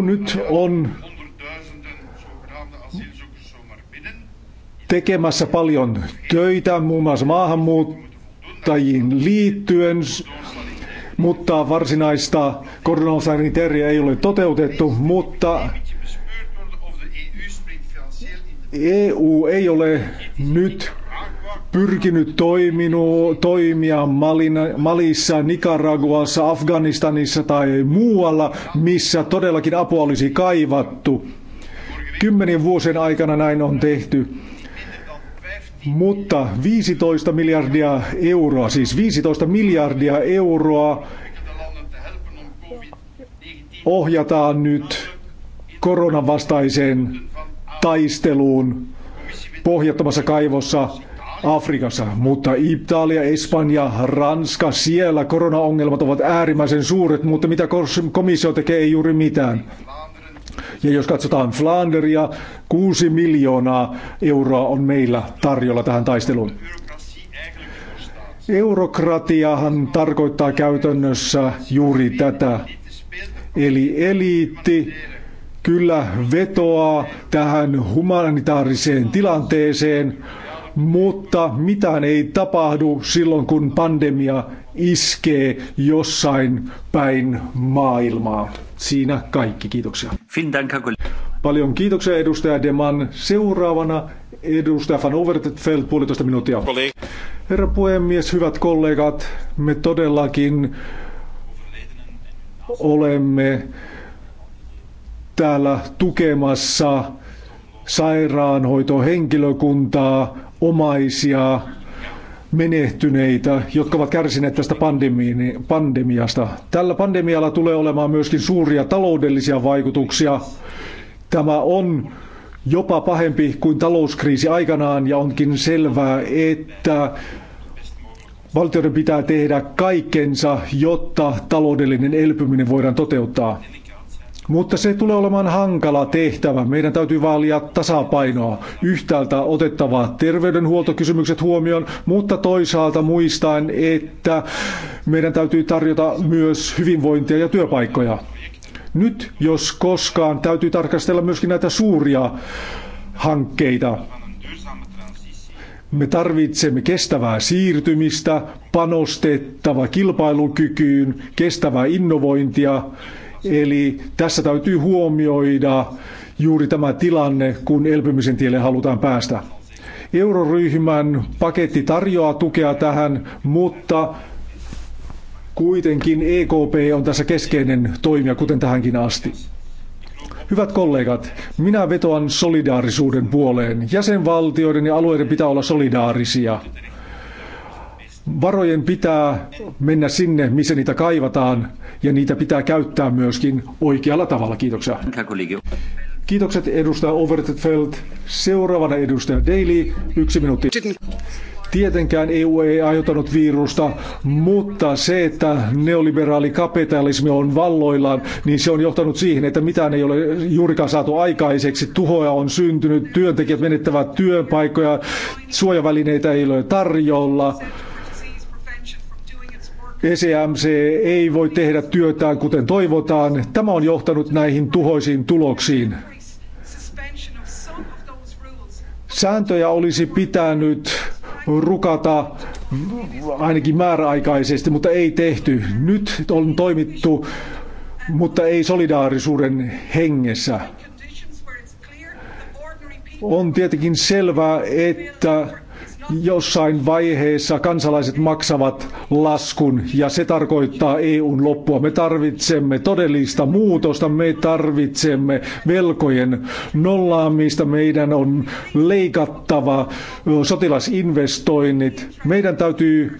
nyt on tekemässä paljon töitä, muun muassa maahanmuuttajiin liittyen, mutta varsinaista koronasaniteeria ei ole toteutettu, mutta EU ei ole nyt pyrkinyt toiminu, toimia Malina, Malissa, Nicaraguassa, Afganistanissa tai muualla, missä todellakin apua olisi kaivattu. Kymmenen vuosien aikana näin on tehty. Mutta 15 miljardia euroa, siis 15 miljardia euroa ohjataan nyt koronavastaiseen taisteluun pohjattomassa kaivossa Afrikassa, mutta Italia, Espanja, Ranska, siellä koronaongelmat ovat äärimmäisen suuret, mutta mitä komissio tekee, ei juuri mitään. Ja jos katsotaan Flanderia, 6 miljoonaa euroa on meillä tarjolla tähän taisteluun. Eurokratiahan tarkoittaa käytännössä juuri tätä. Eli eliitti kyllä vetoaa tähän humanitaariseen tilanteeseen, mutta mitään ei tapahdu silloin, kun pandemia iskee jossain päin maailmaa. Siinä kaikki, kiitoksia. Paljon kiitoksia edustaja Deman. Seuraavana edustaja Van Overtfeld, puolitoista minuuttia. Herra puhemies, hyvät kollegat, me todellakin olemme täällä tukemassa sairaanhoitohenkilökuntaa, omaisia, menehtyneitä, jotka ovat kärsineet tästä pandemiasta. Tällä pandemialla tulee olemaan myöskin suuria taloudellisia vaikutuksia. Tämä on jopa pahempi kuin talouskriisi aikanaan ja onkin selvää, että valtioiden pitää tehdä kaikkensa, jotta taloudellinen elpyminen voidaan toteuttaa. Mutta se tulee olemaan hankala tehtävä. Meidän täytyy vaalia tasapainoa. Yhtäältä otettava terveydenhuoltokysymykset huomioon, mutta toisaalta muistaen, että meidän täytyy tarjota myös hyvinvointia ja työpaikkoja. Nyt, jos koskaan, täytyy tarkastella myöskin näitä suuria hankkeita. Me tarvitsemme kestävää siirtymistä, panostettava kilpailukykyyn, kestävää innovointia Eli tässä täytyy huomioida juuri tämä tilanne, kun elpymisen tielle halutaan päästä. Euroryhmän paketti tarjoaa tukea tähän, mutta kuitenkin EKP on tässä keskeinen toimija, kuten tähänkin asti. Hyvät kollegat, minä vetoan solidaarisuuden puoleen. Jäsenvaltioiden ja alueiden pitää olla solidaarisia. Varojen pitää mennä sinne, missä niitä kaivataan, ja niitä pitää käyttää myöskin oikealla tavalla. Kiitoksia. Kiitokset edustaja Overtfeld. Seuraavana edustaja Daily, yksi minuutti. Tietenkään EU ei aiheuttanut virusta, mutta se, että neoliberaali kapitalismi on valloillaan, niin se on johtanut siihen, että mitään ei ole juurikaan saatu aikaiseksi. Tuhoja on syntynyt, työntekijät menettävät työpaikkoja, suojavälineitä ei ole tarjolla. ECMC ei voi tehdä työtään kuten toivotaan. Tämä on johtanut näihin tuhoisiin tuloksiin. Sääntöjä olisi pitänyt rukata ainakin määräaikaisesti, mutta ei tehty. Nyt on toimittu, mutta ei solidaarisuuden hengessä. On tietenkin selvää, että jossain vaiheessa kansalaiset maksavat laskun ja se tarkoittaa EUn loppua. Me tarvitsemme todellista muutosta, me tarvitsemme velkojen nollaamista, meidän on leikattava sotilasinvestoinnit. Meidän täytyy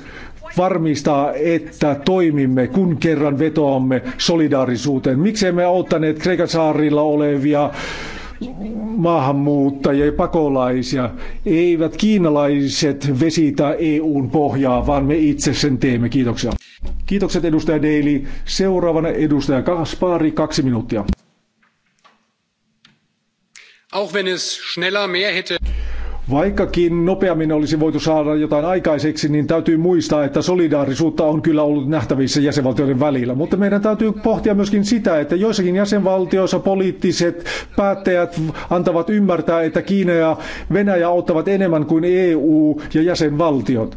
varmistaa, että toimimme, kun kerran vetoamme solidaarisuuteen. Miksi emme auttaneet Kreikan saarilla olevia maahanmuuttajia ja pakolaisia. Eivät kiinalaiset vesitä EUn pohjaa, vaan me itse sen teemme. Kiitoksia. Kiitokset edustaja Daily. Seuraavana edustaja Kaspari, kaksi minuuttia. Auch wenn es schneller mehr hätte. Vaikkakin nopeammin olisi voitu saada jotain aikaiseksi, niin täytyy muistaa, että solidaarisuutta on kyllä ollut nähtävissä jäsenvaltioiden välillä. Mutta meidän täytyy pohtia myöskin sitä, että joissakin jäsenvaltioissa poliittiset päättäjät antavat ymmärtää, että Kiina ja Venäjä ottavat enemmän kuin EU ja jäsenvaltiot.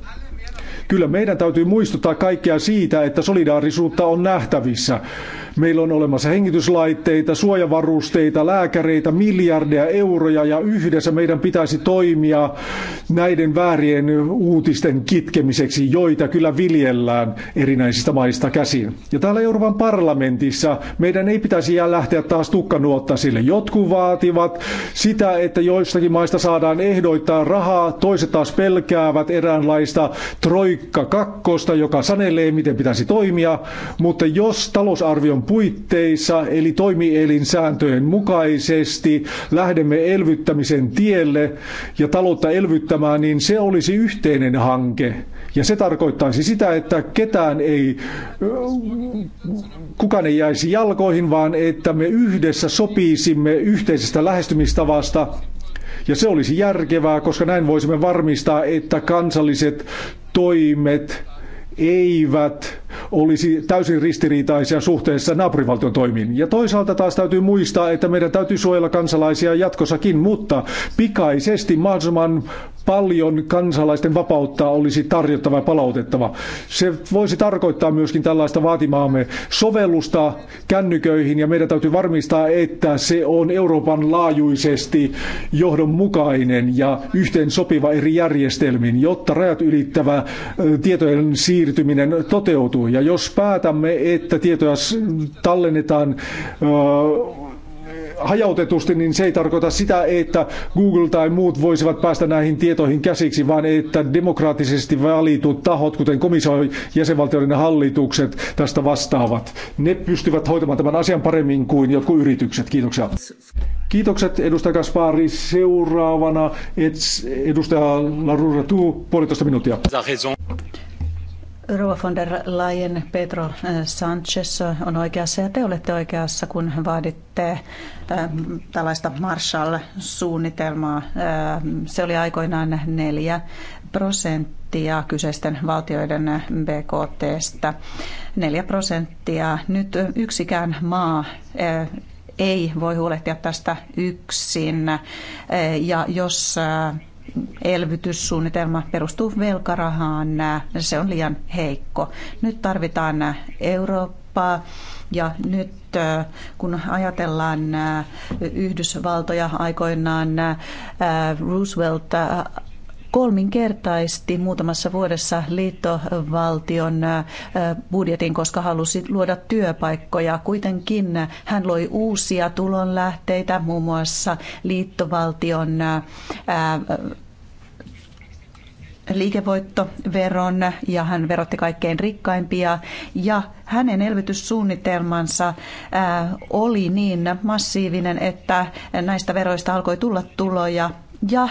Kyllä meidän täytyy muistuttaa kaikkea siitä, että solidaarisuutta on nähtävissä. Meillä on olemassa hengityslaitteita, suojavarusteita, lääkäreitä, miljardeja euroja ja yhdessä meidän pitäisi toimia näiden väärien uutisten kitkemiseksi, joita kyllä viljellään erinäisistä maista käsin. Ja täällä Euroopan parlamentissa meidän ei pitäisi jää lähteä taas tukkanuotta sille. Jotkut vaativat sitä, että joistakin maista saadaan ehdoittaa rahaa, toiset taas pelkäävät eräänlaista troikkaa Troikka kakkosta, joka sanelee, miten pitäisi toimia, mutta jos talousarvion puitteissa, eli toimielin sääntöjen mukaisesti, lähdemme elvyttämisen tielle ja taloutta elvyttämään, niin se olisi yhteinen hanke. Ja se tarkoittaisi sitä, että ketään ei, kukaan ei jäisi jalkoihin, vaan että me yhdessä sopisimme yhteisestä lähestymistavasta ja se olisi järkevää, koska näin voisimme varmistaa, että kansalliset toimet eivät olisi täysin ristiriitaisia suhteessa naapurivaltion toimiin. Ja toisaalta taas täytyy muistaa, että meidän täytyy suojella kansalaisia jatkossakin, mutta pikaisesti mahdollisimman paljon kansalaisten vapautta olisi tarjottava ja palautettava. Se voisi tarkoittaa myöskin tällaista vaatimaamme sovellusta kännyköihin ja meidän täytyy varmistaa, että se on Euroopan laajuisesti johdonmukainen ja yhteen sopiva eri järjestelmiin, jotta rajat ylittävä tietojen siirtyminen toteutuu. Ja jos päätämme, että tietoja tallennetaan hajautetusti, niin se ei tarkoita sitä, että Google tai muut voisivat päästä näihin tietoihin käsiksi, vaan että demokraattisesti valitut tahot, kuten komission jäsenvaltioiden hallitukset tästä vastaavat. Ne pystyvät hoitamaan tämän asian paremmin kuin jotkut yritykset. Kiitoksia. Kiitokset edustaja Kaspari. Seuraavana edustaja Larura Tuu, puolitoista minuuttia. Rova von der Leyen, Pedro eh, Sanchez eh, on oikeassa ja te olette oikeassa, kun vaaditte eh, tällaista Marshall-suunnitelmaa. Se oli aikoinaan neljä prosenttia kyseisten valtioiden BKTstä. Neljä prosenttia. Nyt yksikään maa ei voi huolehtia tästä yksin. Ja jos elvytyssuunnitelma perustuu velkarahaan, se on liian heikko. Nyt tarvitaan Eurooppaa ja nyt kun ajatellaan Yhdysvaltoja aikoinaan, Roosevelt kolminkertaisti muutamassa vuodessa liittovaltion budjetin, koska halusi luoda työpaikkoja. Kuitenkin hän loi uusia tulonlähteitä, muun muassa liittovaltion liikevoittoveron ja hän verotti kaikkein rikkaimpia ja hänen elvytyssuunnitelmansa äh, oli niin massiivinen, että näistä veroista alkoi tulla tuloja ja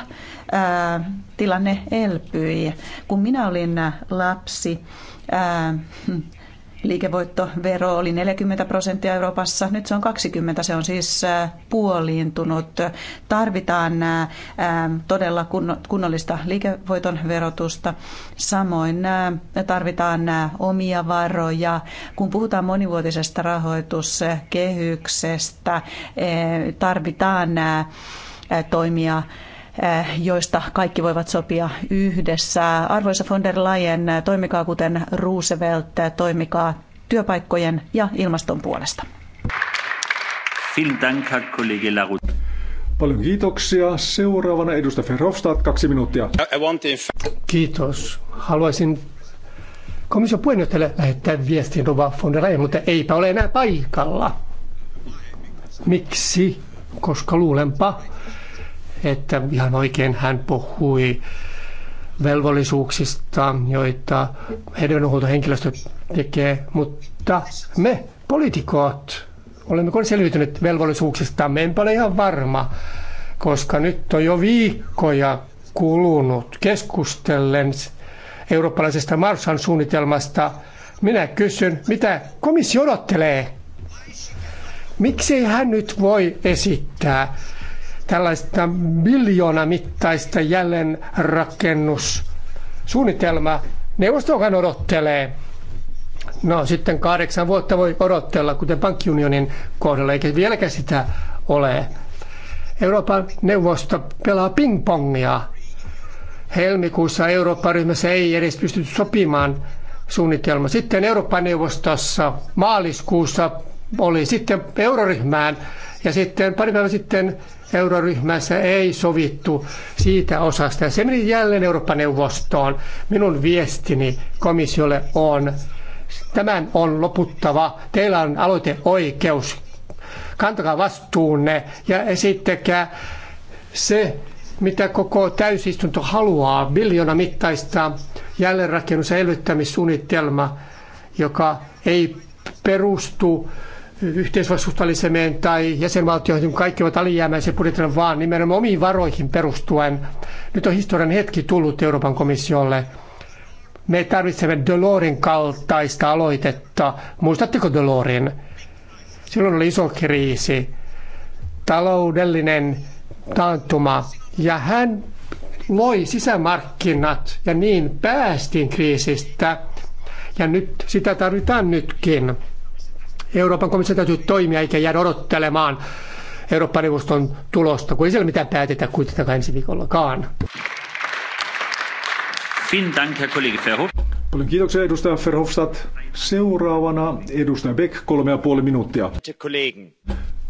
ää, äh, tilanne elpyi. Kun minä olin lapsi, ää, äh, liikevoittovero oli 40 prosenttia Euroopassa, nyt se on 20, se on siis äh, puoliintunut. Tarvitaan äh, äh, todella kunnollista liikevoiton verotusta, samoin tarvitaan omia varoja. Kun puhutaan monivuotisesta rahoituskehyksestä, tarvitaan toimia Eh, joista kaikki voivat sopia yhdessä. Arvoisa von der Leyen, toimikaa kuten Roosevelt, toimikaa työpaikkojen ja ilmaston puolesta. Paljon kiitoksia. Seuraavana edustaja Verhofstadt, kaksi minuuttia. Kiitos. Haluaisin komission puheenjohtajalle lähettää viestin Rova von der Leyen, mutta eipä ole enää paikalla. Miksi? Koska luulenpa, että ihan oikein hän puhui velvollisuuksista, joita henkilöstö tekee, mutta me poliitikot, olemmeko selviytyneet velvollisuuksista, me enpä ole ihan varma, koska nyt on jo viikkoja kulunut keskustellen eurooppalaisesta Marshan suunnitelmasta. Minä kysyn, mitä komissio odottelee? Miksi hän nyt voi esittää tällaista miljoona mittaista jälleenrakennussuunnitelmaa. Neuvostokan odottelee. No sitten kahdeksan vuotta voi odottella, kuten pankkiunionin kohdalla, eikä vieläkään sitä ole. Euroopan neuvosto pelaa pingpongia. Helmikuussa Eurooppa-ryhmässä ei edes pystytty sopimaan suunnitelma. Sitten Euroopan neuvostossa maaliskuussa oli sitten euroryhmään ja sitten pari päivää sitten euroryhmässä ei sovittu siitä osasta. Ja se meni jälleen Eurooppa-neuvostoon. Minun viestini komissiolle on, tämän on loputtava. Teillä on aloiteoikeus. Kantakaa vastuunne ja esittäkää se, mitä koko täysistunto haluaa, biljona mittaista jälleenrakennus- ja elvyttämissuunnitelma, joka ei perustu yhteisvastuullisemmin tai jäsenvaltioihin, kaikki ovat alijäämäisiä budjetilla, vaan nimenomaan omiin varoihin perustuen. Nyt on historian hetki tullut Euroopan komissiolle. Me tarvitsemme Delorin kaltaista aloitetta. Muistatteko Delorin? Silloin oli iso kriisi, taloudellinen taantuma ja hän loi sisämarkkinat ja niin päästiin kriisistä. Ja nyt sitä tarvitaan nytkin Euroopan komissio täytyy toimia eikä jäädä odottelemaan Euroopan neuvoston tulosta, kun ei siellä mitään päätetä kuitenkaan ensi viikollakaan. Paljon kiitoksia edustaja Verhofstadt. Seuraavana edustaja Beck, kolme ja puoli minuuttia.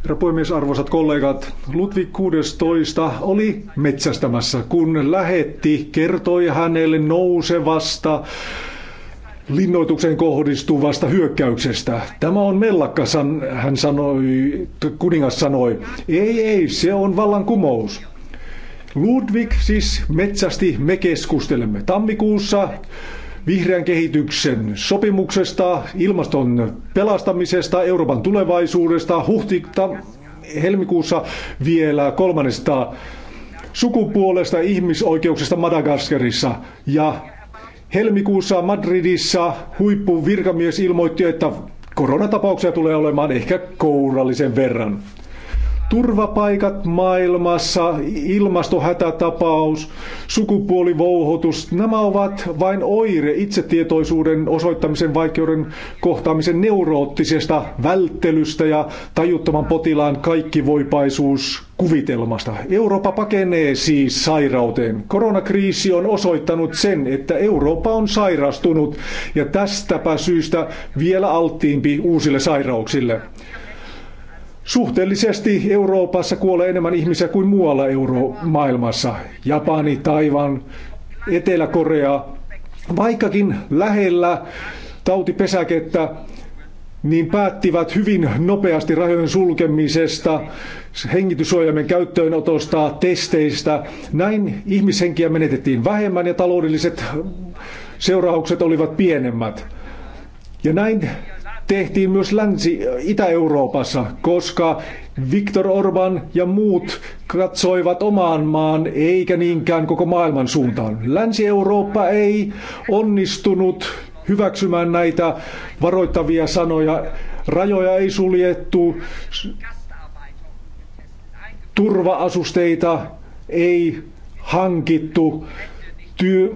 Herra puhemies, arvoisat kollegat, Ludwig 16 oli metsästämässä, kun lähetti, kertoi hänelle nousevasta linnoituksen kohdistuvasta hyökkäyksestä. Tämä on mellakka, hän sanoi, kuningas sanoi. Ei, ei, se on vallankumous. Ludwig siis metsästi, me keskustelemme tammikuussa vihreän kehityksen sopimuksesta, ilmaston pelastamisesta, Euroopan tulevaisuudesta, huhtikta, helmikuussa vielä kolmannesta sukupuolesta, ihmisoikeuksista Madagaskarissa ja Helmikuussa Madridissa huippuvirkamies ilmoitti, että koronatapauksia tulee olemaan ehkä kourallisen verran turvapaikat maailmassa, ilmastohätätapaus, sukupuolivouhotus, nämä ovat vain oire itsetietoisuuden osoittamisen vaikeuden kohtaamisen neuroottisesta välttelystä ja tajuttoman potilaan kaikkivoipaisuus kuvitelmasta. Eurooppa pakenee siis sairauteen. Koronakriisi on osoittanut sen, että Eurooppa on sairastunut ja tästäpä syystä vielä alttiimpi uusille sairauksille. Suhteellisesti Euroopassa kuolee enemmän ihmisiä kuin muualla euromaailmassa. Japani, Taivan, Etelä-Korea, vaikkakin lähellä tautipesäkettä, niin päättivät hyvin nopeasti rajojen sulkemisesta, hengityssuojaimen käyttöönotosta, testeistä. Näin ihmishenkiä menetettiin vähemmän ja taloudelliset seuraukset olivat pienemmät. Ja näin tehtiin myös Länsi-Itä-Euroopassa, koska Viktor Orban ja muut katsoivat omaan maan eikä niinkään koko maailman suuntaan. Länsi-Eurooppa ei onnistunut hyväksymään näitä varoittavia sanoja. Rajoja ei suljettu, turvaasusteita ei hankittu, työ,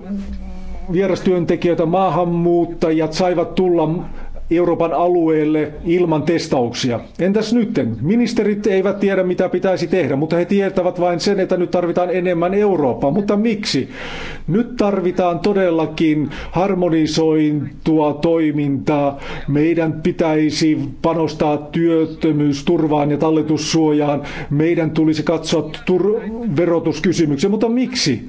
vierastyöntekijöitä, maahanmuuttajat saivat tulla Euroopan alueelle ilman testauksia. Entäs nytten? Ministerit eivät tiedä, mitä pitäisi tehdä, mutta he tietävät vain sen, että nyt tarvitaan enemmän Eurooppaa. Mutta miksi? Nyt tarvitaan todellakin harmonisointua toimintaa. Meidän pitäisi panostaa työttömyysturvaan ja talletussuojaan. Meidän tulisi katsoa tur- verotuskysymyksiä. Mutta miksi?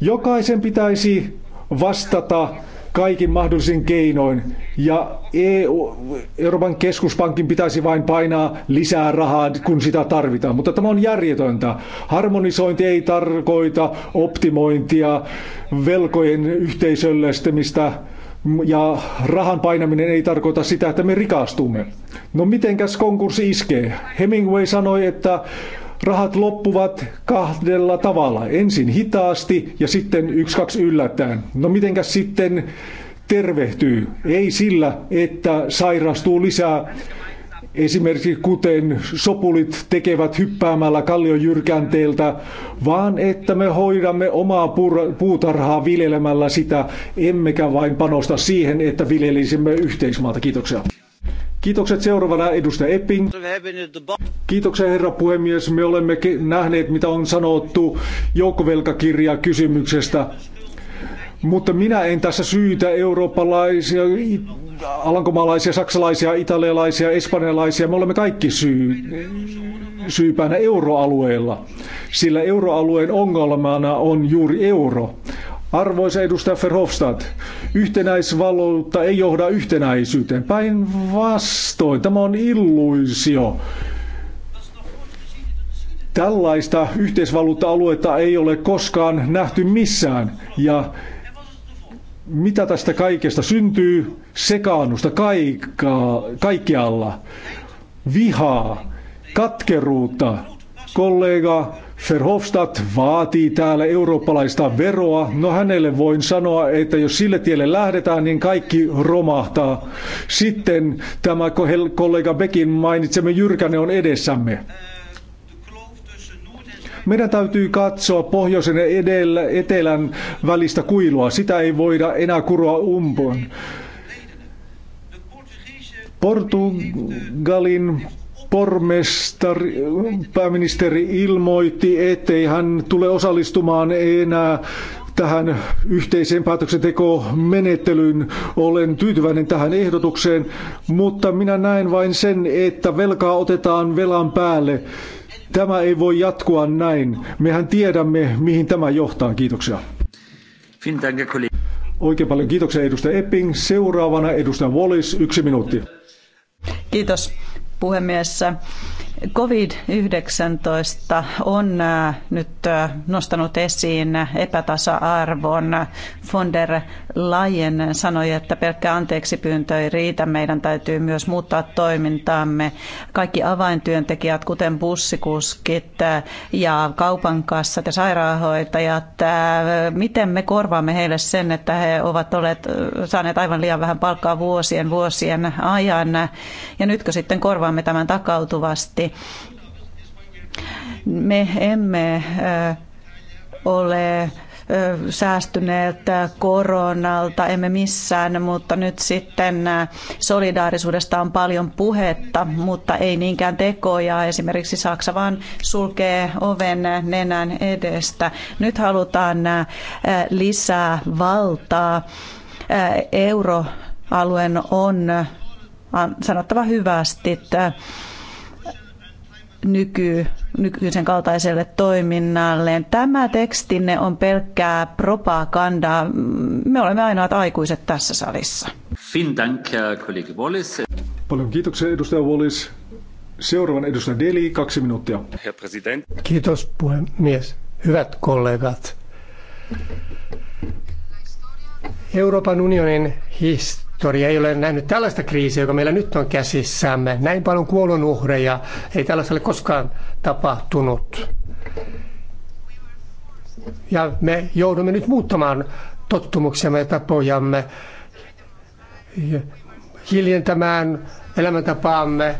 Jokaisen pitäisi vastata kaikin mahdollisin keinoin. Ja EU, Euroopan keskuspankin pitäisi vain painaa lisää rahaa, kun sitä tarvitaan. Mutta tämä on järjetöntä. Harmonisointi ei tarkoita optimointia, velkojen yhteisöllistämistä ja rahan painaminen ei tarkoita sitä, että me rikastumme. No mitenkäs konkurssi iskee? Hemingway sanoi, että Rahat loppuvat kahdella tavalla. Ensin hitaasti ja sitten yksi kaksi yllättäen. No mitenkäs sitten tervehtyy? Ei sillä, että sairastuu lisää esimerkiksi kuten sopulit tekevät hyppäämällä kalliojyrkänteeltä, vaan että me hoidamme omaa puutarhaa viljelemällä sitä, emmekä vain panosta siihen, että viljelisimme yhteismaata. Kiitoksia. Kiitokset seuraavana edustaja Epping. Kiitoksia herra puhemies. Me olemme nähneet, mitä on sanottu joukkovelkakirja kysymyksestä. Mutta minä en tässä syytä eurooppalaisia, alankomaalaisia, saksalaisia, italialaisia, espanjalaisia. Me olemme kaikki syy, syypäänä euroalueella, sillä euroalueen ongelmana on juuri euro. Arvoisa edustaja Verhofstadt, yhtenäisvaluutta ei johda yhtenäisyyteen. Päinvastoin, tämä on illuisio. Tällaista yhteisvaluutta-aluetta ei ole koskaan nähty missään. Ja mitä tästä kaikesta syntyy? Sekaannusta kaikka, kaikkialla. Vihaa, katkeruutta. Kollega Verhofstadt vaatii täällä eurooppalaista veroa. No hänelle voin sanoa, että jos sille tielle lähdetään, niin kaikki romahtaa. Sitten tämä kollega Bekin mainitsemme jyrkäne on edessämme. Meidän täytyy katsoa pohjoisen ja edellä, etelän välistä kuilua. Sitä ei voida enää kuroa umpoon. Portugalin pormestari, pääministeri ilmoitti, ettei hän tule osallistumaan enää tähän yhteiseen päätöksentekomenettelyyn. Olen tyytyväinen tähän ehdotukseen, mutta minä näen vain sen, että velkaa otetaan velan päälle. Tämä ei voi jatkua näin. Mehän tiedämme, mihin tämä johtaa. Kiitoksia. Oikein paljon kiitoksia edustaja Epping. Seuraavana edustaja Wallis, yksi minuutti. Kiitos puhemies COVID-19 on äh, nyt äh, nostanut esiin epätasa-arvon. Von der Leyen sanoi, että pelkkä anteeksipyyntö ei riitä. Meidän täytyy myös muuttaa toimintaamme. Kaikki avaintyöntekijät, kuten bussikuskit äh, ja kaupan kassat ja sairaanhoitajat, miten me korvaamme heille sen, että he ovat olleet, saaneet aivan liian vähän palkkaa vuosien vuosien ajan. Ja nytkö sitten korvaamme tämän takautuvasti? Me emme ole säästyneet koronalta, emme missään, mutta nyt sitten solidaarisuudesta on paljon puhetta, mutta ei niinkään tekoja. Esimerkiksi Saksa vaan sulkee oven nenän edestä. Nyt halutaan lisää valtaa. Euroalueen on sanottava hyvästi, että nyky, nykyisen kaltaiselle toiminnalleen. Tämä tekstinne on pelkkää propagandaa. Me olemme ainoat aikuiset tässä salissa. Dank, Paljon kiitoksia edustaja Wallis. Seuraavan edustaja Deli, kaksi minuuttia. Kiitos puhemies. Hyvät kollegat. Euroopan unionin historia sektori ei ole nähnyt tällaista kriisiä, joka meillä nyt on käsissämme. Näin paljon kuolonuhreja ei tällaista ole koskaan tapahtunut. Ja me joudumme nyt muuttamaan tottumuksemme ja tapojamme, hiljentämään elämäntapaamme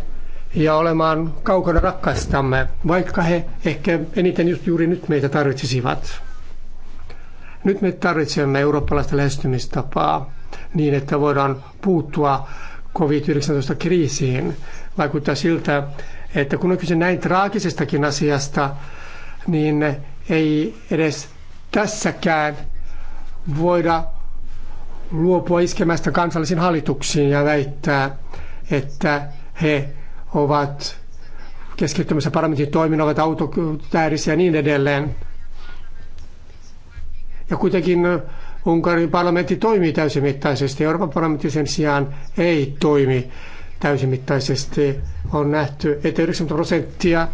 ja olemaan kaukana rakkaistamme, vaikka he ehkä eniten just juuri nyt meitä tarvitsisivat. Nyt me tarvitsemme eurooppalaista lähestymistapaa niin, että voidaan puuttua COVID-19-kriisiin. Vaikuttaa siltä, että kun on kyse näin traagisestakin asiasta, niin ei edes tässäkään voida luopua iskemästä kansallisiin hallituksiin ja väittää, että he ovat keskittymässä parlamentin toiminnan, ovat autotäärisiä ja niin edelleen. Ja kuitenkin Unkarin parlamentti toimii täysimittaisesti, Euroopan parlamentti sen sijaan ei toimi täysimittaisesti. On nähty, että 90 prosenttia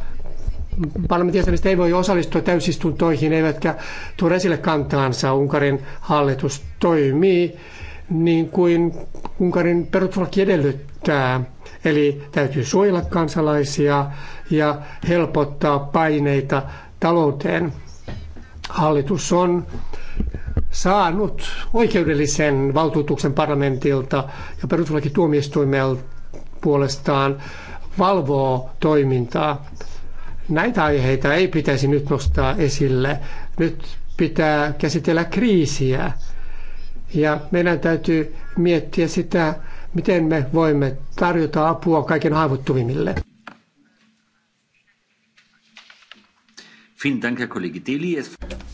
parlamentin jäsenistä ei voi osallistua täysistuntoihin, eivätkä tuoda esille kantaansa. Unkarin hallitus toimii niin kuin Unkarin perustuslaki edellyttää. Eli täytyy suojella kansalaisia ja helpottaa paineita talouteen. Hallitus on saanut oikeudellisen valtuutuksen parlamentilta ja perustuslakituomioistuimelta puolestaan valvoo toimintaa. Näitä aiheita ei pitäisi nyt nostaa esille. Nyt pitää käsitellä kriisiä. Ja meidän täytyy miettiä sitä, miten me voimme tarjota apua kaiken haavoittuvimmille.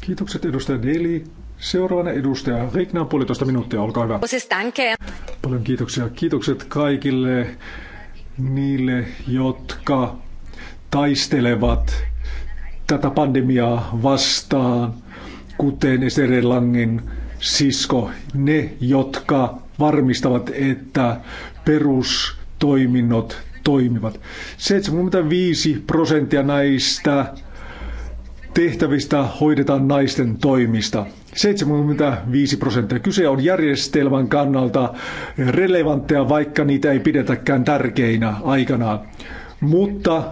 Kiitokset edustaja Deli. Seuraavana edustaja Regna, puolitoista minuuttia, olkaa hyvä. Siis Paljon kiitoksia. Kiitokset kaikille niille, jotka taistelevat tätä pandemiaa vastaan, kuten Esere Langin sisko, ne, jotka varmistavat, että perustoiminnot toimivat. 75 prosenttia näistä tehtävistä hoidetaan naisten toimista. 75 prosenttia. Kyse on järjestelmän kannalta relevantteja, vaikka niitä ei pidetäkään tärkeinä aikanaan. Mutta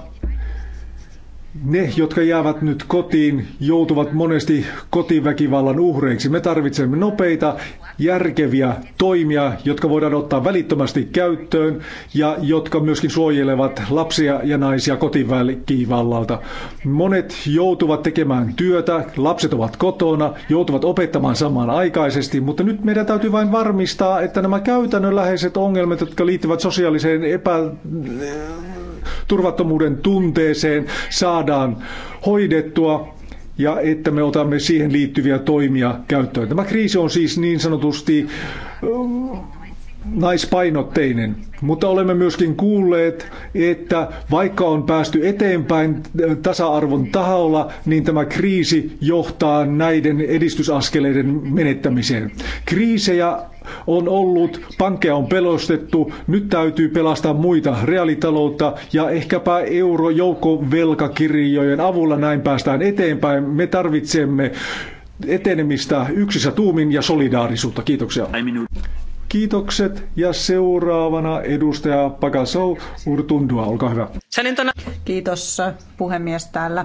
ne, jotka jäävät nyt kotiin, joutuvat monesti kotiväkivallan uhreiksi. Me tarvitsemme nopeita, järkeviä toimia, jotka voidaan ottaa välittömästi käyttöön ja jotka myöskin suojelevat lapsia ja naisia kotiväkivallalta. Monet joutuvat tekemään työtä, lapset ovat kotona, joutuvat opettamaan samanaikaisesti, mutta nyt meidän täytyy vain varmistaa, että nämä käytännönläheiset ongelmat, jotka liittyvät sosiaaliseen epä turvattomuuden tunteeseen, saa saadaan hoidettua ja että me otamme siihen liittyviä toimia käyttöön. Tämä kriisi on siis niin sanotusti naispainotteinen. Mutta olemme myöskin kuulleet, että vaikka on päästy eteenpäin tasa-arvon taholla, niin tämä kriisi johtaa näiden edistysaskeleiden menettämiseen. Kriisejä on ollut, pankkeja on pelostettu, nyt täytyy pelastaa muita reaalitaloutta ja ehkäpä eurojoukkovelkakirjojen avulla näin päästään eteenpäin. Me tarvitsemme etenemistä yksissä tuumin ja solidaarisuutta. Kiitoksia. Kiitokset ja seuraavana edustaja Pakasou Urtundua, olkaa hyvä. Kiitos puhemies täällä.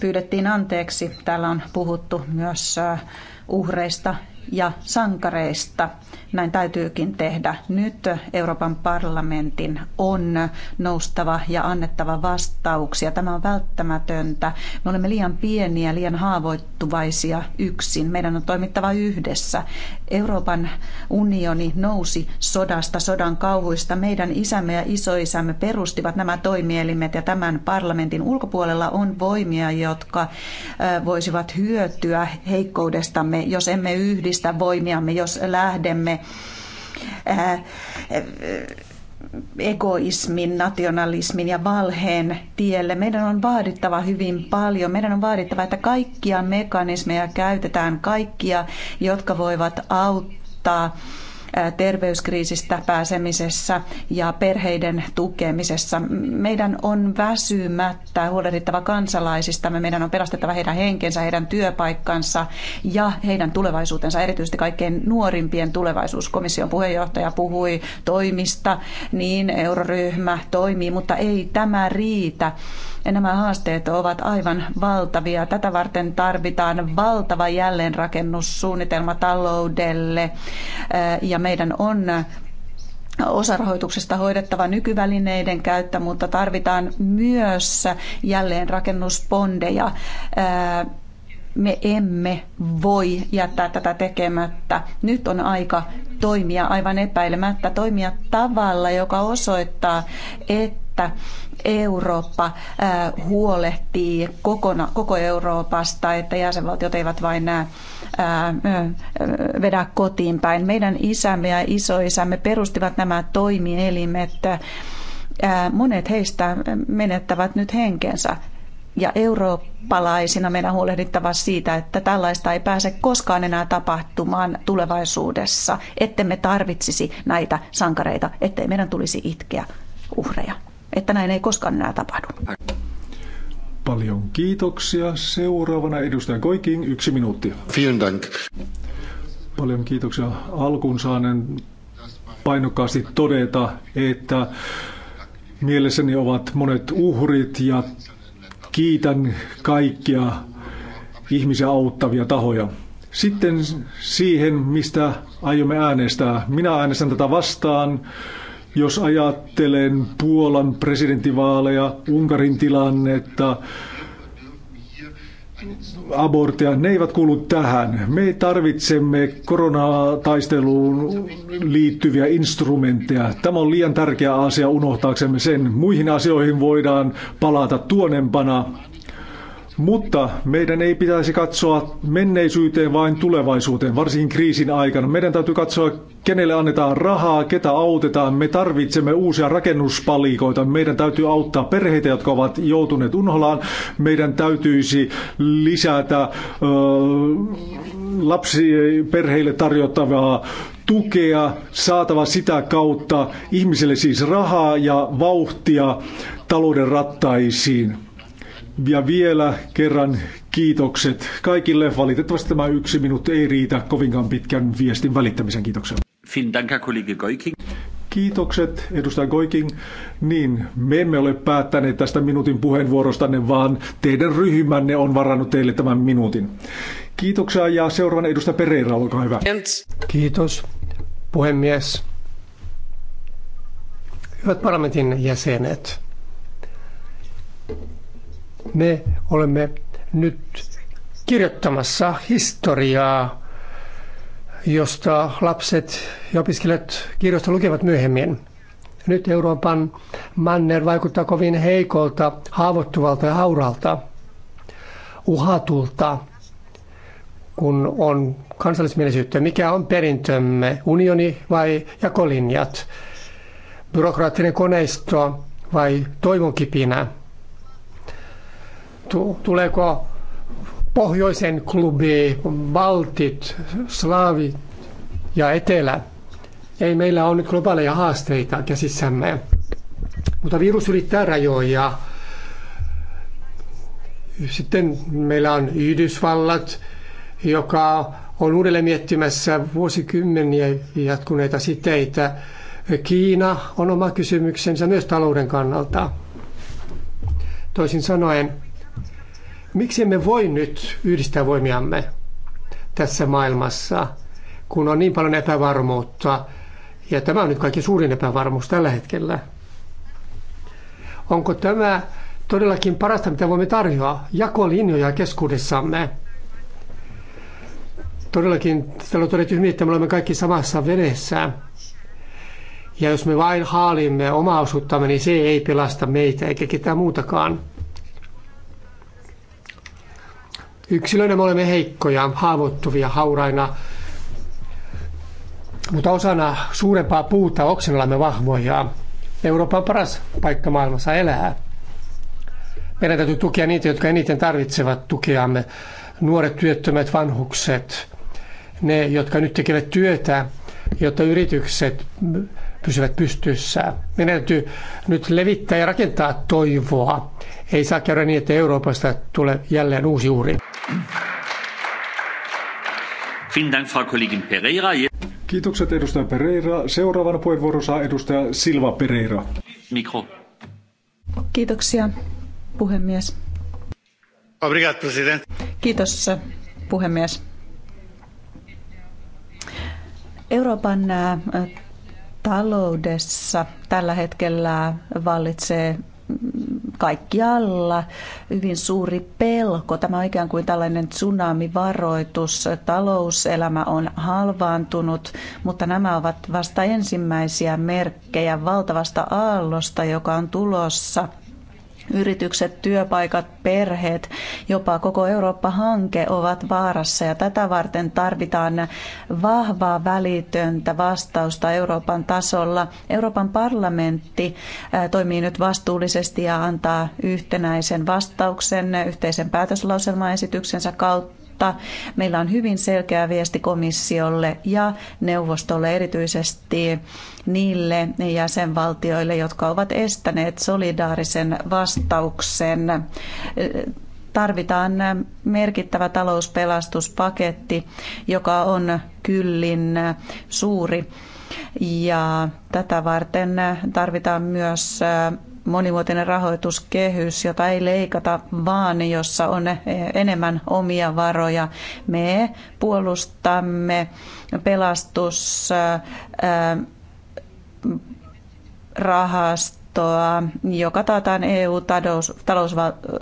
Pyydettiin anteeksi. Täällä on puhuttu myös äh, uhreista ja sankareista. Näin täytyykin tehdä. Nyt Euroopan parlamentin on noustava ja annettava vastauksia. Tämä on välttämätöntä. Me olemme liian pieniä, liian haavoittuvaisia yksin. Meidän on toimittava yhdessä. Euroopan unioni nousi sodasta, sodan kauhuista. Meidän isämme ja isoisämme perustivat nämä toimielimet ja tämän parlamentin ulkopuolella on voimia, jotka voisivat hyötyä heikkoudestamme, jos emme yhdistä yhdistää voimiamme, jos lähdemme egoismin, nationalismin ja valheen tielle. Meidän on vaadittava hyvin paljon. Meidän on vaadittava, että kaikkia mekanismeja käytetään, kaikkia, jotka voivat auttaa terveyskriisistä pääsemisessä ja perheiden tukemisessa. Meidän on väsymättä huolehdittava kansalaisistamme, meidän on pelastettava heidän henkensä, heidän työpaikkansa ja heidän tulevaisuutensa, erityisesti kaikkein nuorimpien tulevaisuus. Komission puheenjohtaja puhui toimista, niin euroryhmä toimii, mutta ei tämä riitä Nämä haasteet ovat aivan valtavia. Tätä varten tarvitaan valtava jälleenrakennussuunnitelma taloudelle äh, ja meidän on osarahoituksesta hoidettava nykyvälineiden käyttö, mutta tarvitaan myös jälleenrakennuspondeja äh, me emme voi jättää tätä tekemättä. Nyt on aika toimia aivan epäilemättä, toimia tavalla, joka osoittaa, että Eurooppa äh, huolehtii kokona, koko Euroopasta, että jäsenvaltiot eivät vain näe äh, äh, vedä kotiin päin. Meidän isämme ja isoisämme perustivat nämä toimielimet. Monet heistä menettävät nyt henkensä ja eurooppalaisina meidän huolehdittava siitä, että tällaista ei pääse koskaan enää tapahtumaan tulevaisuudessa, ettemme tarvitsisi näitä sankareita, ettei meidän tulisi itkeä uhreja että näin ei koskaan enää tapahdu. Paljon kiitoksia. Seuraavana edustaja Koiking, yksi minuutti. Vielen dank. Paljon kiitoksia. Alkuun saanen painokkaasti todeta, että mielessäni ovat monet uhrit ja kiitän kaikkia ihmisiä auttavia tahoja. Sitten siihen, mistä aiomme äänestää. Minä äänestän tätä vastaan jos ajattelen Puolan presidenttivaaleja, Unkarin tilannetta, abortteja, ne eivät kuulu tähän. Me tarvitsemme koronataisteluun liittyviä instrumentteja. Tämä on liian tärkeä asia unohtaaksemme sen. Muihin asioihin voidaan palata tuonempana mutta meidän ei pitäisi katsoa menneisyyteen vain tulevaisuuteen, varsinkin kriisin aikana. Meidän täytyy katsoa, kenelle annetaan rahaa, ketä autetaan. Me tarvitsemme uusia rakennuspalikoita. Meidän täytyy auttaa perheitä, jotka ovat joutuneet unholaan. Meidän täytyisi lisätä ö, lapsiperheille tarjottavaa tukea, saatava sitä kautta ihmisille siis rahaa ja vauhtia talouden rattaisiin. Ja vielä kerran kiitokset kaikille. Valitettavasti tämä yksi minuutti ei riitä kovinkaan pitkän viestin välittämisen. Kiitoksia. Kiitokset, edustaja Goikin. Niin, me emme ole päättäneet tästä minuutin puheenvuorostanne, vaan teidän ryhmänne on varannut teille tämän minuutin. Kiitoksia ja seuraavan edustaja Pereira, olkaa hyvä. Kiitos, puhemies. Hyvät parlamentin jäsenet, me olemme nyt kirjoittamassa historiaa, josta lapset ja opiskelijat kirjoista lukevat myöhemmin. Nyt Euroopan manner vaikuttaa kovin heikolta, haavoittuvalta ja hauralta, uhatulta, kun on kansallismielisyyttä. Mikä on perintömme, unioni vai jakolinjat, byrokraattinen koneisto vai toivonkipinä? tuleeko pohjoisen klubi, Baltit, Slaavit ja Etelä. Ei meillä on globaaleja haasteita käsissämme, mutta virus ylittää rajoja. Sitten meillä on Yhdysvallat, joka on uudelleen miettimässä vuosikymmeniä jatkuneita siteitä. Kiina on oma kysymyksensä myös talouden kannalta. Toisin sanoen, Miksi emme voi nyt yhdistää voimiamme tässä maailmassa, kun on niin paljon epävarmuutta, ja tämä on nyt kaikki suurin epävarmuus tällä hetkellä. Onko tämä todellakin parasta, mitä voimme tarjoa, jakolinjoja keskuudessamme? Todellakin, täällä on todettu hyvin, että me olemme kaikki samassa veneessä, Ja jos me vain haalimme omaa osuuttamme, niin se ei pelasta meitä eikä ketään muutakaan. Yksilöinä me olemme heikkoja, haavoittuvia, hauraina, mutta osana suurempaa puuta oksenallamme vahvoja. Euroopan paras paikka maailmassa elää. Meidän täytyy tukea niitä, jotka eniten tarvitsevat tukeamme. Nuoret, työttömät, vanhukset, ne, jotka nyt tekevät työtä, jotta yritykset pysyvät pystyssä. Meidän täytyy nyt levittää ja rakentaa toivoa. Ei saa käydä niin, että Euroopasta tulee jälleen uusi uuri. Kiitokset edustaja Pereira. Seuraavana puheenvuoron saa edustaja Silva Pereira. Mikro. Kiitoksia puhemies. Obrigado, president. Kiitos puhemies. Euroopan äh, taloudessa tällä hetkellä vallitsee kaikkialla hyvin suuri pelko. Tämä on ikään kuin tällainen tsunamivaroitus. Talouselämä on halvaantunut, mutta nämä ovat vasta ensimmäisiä merkkejä valtavasta aallosta, joka on tulossa – yritykset, työpaikat, perheet, jopa koko Eurooppa-hanke ovat vaarassa ja tätä varten tarvitaan vahvaa välitöntä vastausta Euroopan tasolla. Euroopan parlamentti toimii nyt vastuullisesti ja antaa yhtenäisen vastauksen yhteisen päätöslauselmaesityksensä kautta mutta meillä on hyvin selkeä viesti komissiolle ja neuvostolle erityisesti niille jäsenvaltioille, jotka ovat estäneet solidaarisen vastauksen tarvitaan merkittävä talouspelastuspaketti, joka on kyllin suuri. Ja tätä varten tarvitaan myös monivuotinen rahoituskehys, jota ei leikata, vaan jossa on enemmän omia varoja. Me puolustamme pelastus rahastoa, joka taataan EU-talousvalvonnan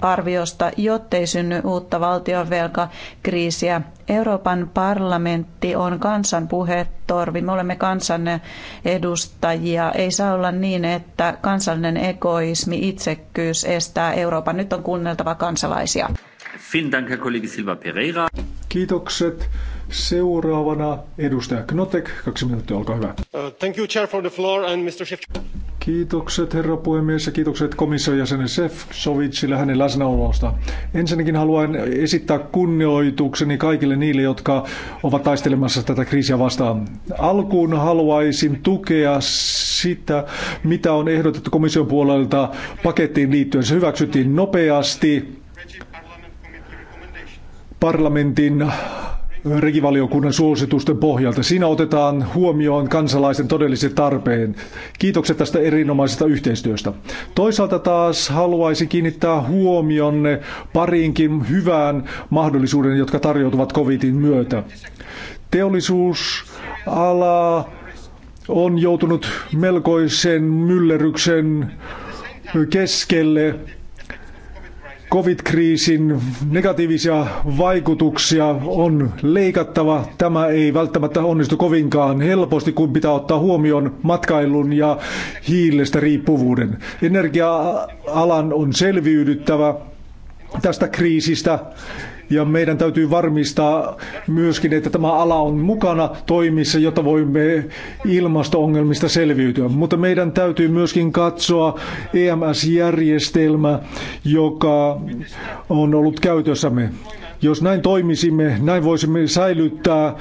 arviosta, jottei synny uutta valtionvelkakriisiä. Euroopan parlamentti on kansan puhetorvi. Me olemme kansan edustajia. Ei saa olla niin, että kansallinen egoismi, itsekkyys estää Euroopan. Nyt on kuunneltava kansalaisia. Kiitokset. Seuraavana edustaja Knotek, kaksi minuuttia, olkaa hyvä. Uh, thank you, Chair, for the floor and Mr. Schiff. Kiitokset herra puhemies ja kiitokset komission jäsenen Sefcovicille hänen läsnäolostaan. Ensinnäkin haluan esittää kunnioitukseni kaikille niille, jotka ovat taistelemassa tätä kriisiä vastaan. Alkuun haluaisin tukea sitä, mitä on ehdotettu komission puolelta pakettiin liittyen. Se hyväksyttiin nopeasti parlamentin regivaliokunnan suositusten pohjalta. Siinä otetaan huomioon kansalaisten todelliset tarpeen. Kiitokset tästä erinomaisesta yhteistyöstä. Toisaalta taas haluaisin kiinnittää huomionne pariinkin hyvään mahdollisuuden, jotka tarjoutuvat covidin myötä. Teollisuusala on joutunut melkoisen myllerryksen keskelle Covid-kriisin negatiivisia vaikutuksia on leikattava. Tämä ei välttämättä onnistu kovinkaan helposti, kun pitää ottaa huomioon matkailun ja hiilestä riippuvuuden. Energia-alan on selviydyttävä tästä kriisistä ja meidän täytyy varmistaa myöskin, että tämä ala on mukana toimissa, jotta voimme ilmasto-ongelmista selviytyä. Mutta meidän täytyy myöskin katsoa EMS-järjestelmä, joka on ollut käytössämme. Jos näin toimisimme, näin voisimme säilyttää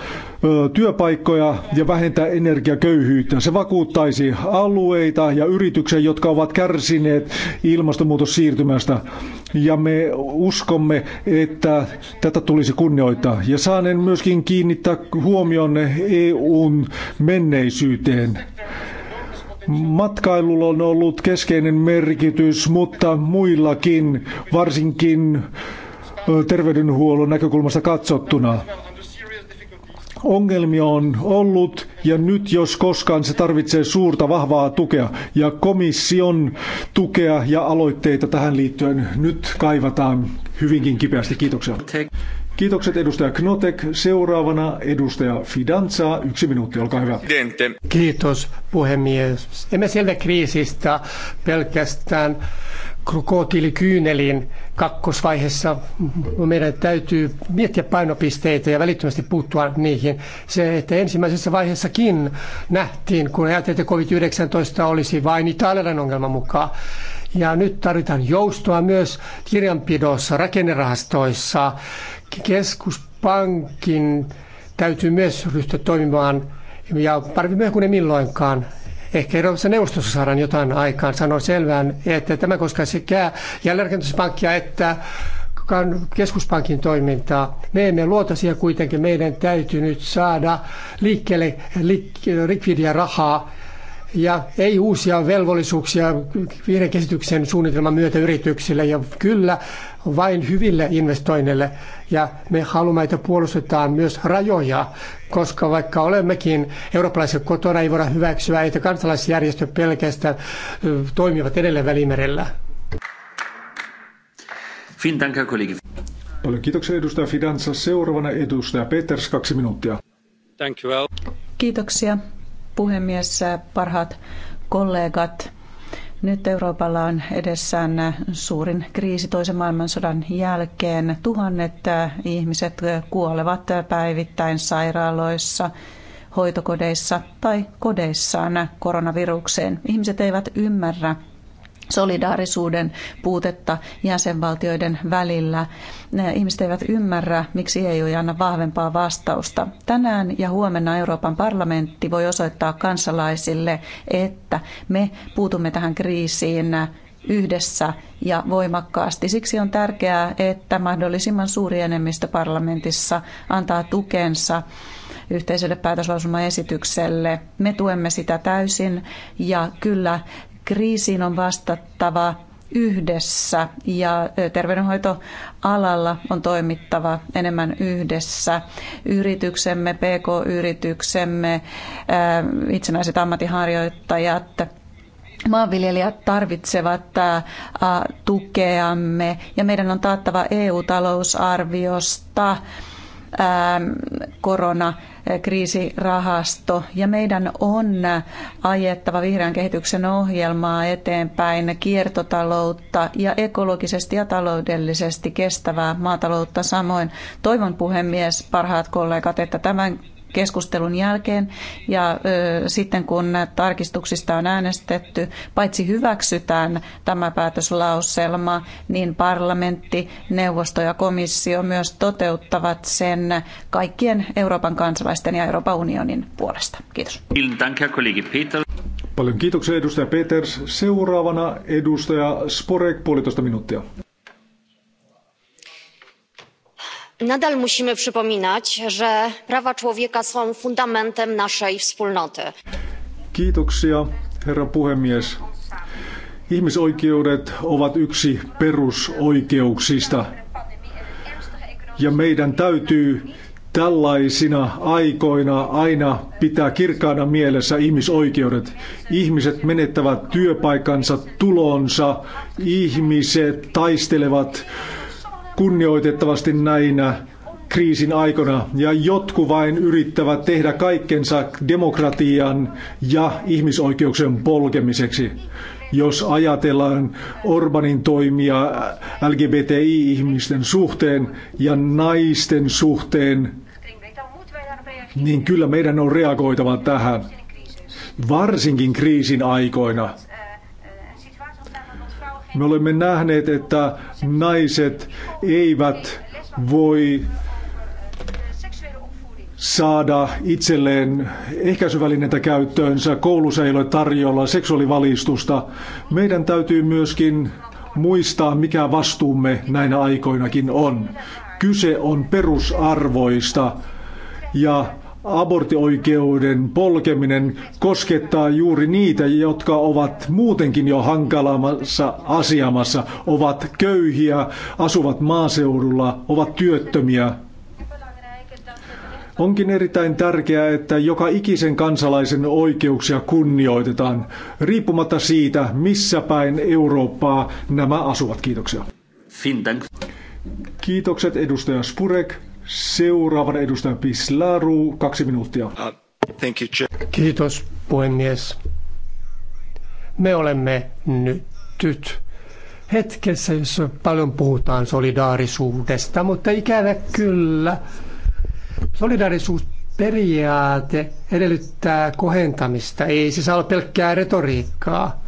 työpaikkoja ja vähentää energiaköyhyyttä. Se vakuuttaisi alueita ja yrityksiä, jotka ovat kärsineet ilmastonmuutossiirtymästä. Ja me uskomme, että tätä tulisi kunnioittaa. Ja saanen myöskin kiinnittää huomionne EUn menneisyyteen. Matkailulla on ollut keskeinen merkitys, mutta muillakin, varsinkin terveydenhuollon näkökulmasta katsottuna. Ongelmia on ollut ja nyt jos koskaan se tarvitsee suurta vahvaa tukea ja komission tukea ja aloitteita tähän liittyen nyt kaivataan hyvinkin kipeästi. Kiitoksia. Kiitokset edustaja Knotek. Seuraavana edustaja Fidanza. Yksi minuutti, olkaa hyvä. Kiitos puhemies. Emme selvä kriisistä pelkästään krokotiilikyynelin kakkosvaiheessa. Meidän täytyy miettiä painopisteitä ja välittömästi puuttua niihin. Se, että ensimmäisessä vaiheessakin nähtiin, kun ajateltiin, että COVID-19 olisi vain Italian ongelman mukaan. Ja nyt tarvitaan joustoa myös kirjanpidossa, rakennerahastoissa, keskuspankin täytyy myös ryhtyä toimimaan ja parempi myöhemmin kuin milloinkaan. Ehkä Euroopassa neuvostossa saadaan jotain aikaan. Sanoin selvään, että tämä koskaan sekä jälleenrakennuspankkia että keskuspankin toimintaa. Me emme luota siihen kuitenkin. Meidän täytyy nyt saada liikkeelle likvidia rahaa ja ei uusia velvollisuuksia vihreän kehityksen suunnitelman myötä yrityksille. Ja kyllä vain hyville investoinneille ja me haluamme, että puolustetaan myös rajoja, koska vaikka olemmekin eurooppalaisia kotona, ei voida hyväksyä, että kansalaisjärjestöt pelkästään toimivat edelleen välimerellä. Paljon kiitoksia edustaja Fidanza. Seuraavana edustaja Peters, kaksi minuuttia. Thank you all. Kiitoksia puhemies, parhaat kollegat. Nyt Euroopalla on edessään suurin kriisi toisen maailmansodan jälkeen. Tuhannet äh, ihmiset äh, kuolevat äh, päivittäin sairaaloissa, hoitokodeissa tai kodeissaan koronavirukseen. Ihmiset eivät ymmärrä, solidaarisuuden puutetta jäsenvaltioiden välillä. Ihmiset eivät ymmärrä, miksi EU ei anna vahvempaa vastausta. Tänään ja huomenna Euroopan parlamentti voi osoittaa kansalaisille, että me puutumme tähän kriisiin yhdessä ja voimakkaasti. Siksi on tärkeää, että mahdollisimman suuri enemmistö parlamentissa antaa tukensa yhteiselle päätöslausumaesitykselle. Me tuemme sitä täysin ja kyllä kriisiin on vastattava yhdessä ja terveydenhoitoalalla on toimittava enemmän yhdessä. Yrityksemme, PK-yrityksemme, itsenäiset ammattiharjoittajat, maanviljelijät tarvitsevat tukeamme ja meidän on taattava EU-talousarviosta Ähm, koronakriisirahasto ja meidän on ajettava vihreän kehityksen ohjelmaa eteenpäin kiertotaloutta ja ekologisesti ja taloudellisesti kestävää maataloutta samoin. Toivon puhemies, parhaat kollegat, että tämän keskustelun jälkeen ja sitten kun tarkistuksista on äänestetty, paitsi hyväksytään tämä päätöslauselma, niin parlamentti, neuvosto ja komissio myös toteuttavat sen kaikkien Euroopan kansalaisten ja Euroopan unionin puolesta. Kiitos. Paljon kiitoksia edustaja Peters. Seuraavana edustaja Sporek puolitoista minuuttia. nadal musimy przypominać że prawa człowieka są fundamentem naszej wspólnoty. Kiitoksia, herra puhemies. Ihmisoikeudet ovat yksi perusoikeuksista. Ja meidän täytyy tällaisina aikoina aina pitää kirkkaana mielessä ihmisoikeudet. Ihmiset menettävät työpaikansa, tulonsa, ihmiset taistelevat kunnioitettavasti näinä kriisin aikana ja jotkut vain yrittävät tehdä kaikkensa demokratian ja ihmisoikeuksien polkemiseksi. Jos ajatellaan Orbanin toimia LGBTI-ihmisten suhteen ja naisten suhteen, niin kyllä meidän on reagoitava tähän, varsinkin kriisin aikoina. Me olemme nähneet, että naiset eivät voi saada itselleen ehkäisyvälineitä käyttöönsä, koulussa ei ole tarjolla seksuaalivalistusta. Meidän täytyy myöskin muistaa, mikä vastuumme näinä aikoinakin on. Kyse on perusarvoista ja aborttioikeuden polkeminen koskettaa juuri niitä, jotka ovat muutenkin jo hankalamassa asiamassa, ovat köyhiä, asuvat maaseudulla, ovat työttömiä. Onkin erittäin tärkeää, että joka ikisen kansalaisen oikeuksia kunnioitetaan, riippumatta siitä, missä päin Eurooppaa nämä asuvat. Kiitoksia. Kiitokset edustaja Spurek. Seuraavan edustajan Pislaru, kaksi minuuttia. Uh, thank you, Kiitos puhemies. Me olemme nyt, nyt hetkessä, jossa paljon puhutaan solidaarisuudesta, mutta ikävä kyllä solidaarisuusperiaate edellyttää kohentamista. Ei se saa olla pelkkää retoriikkaa.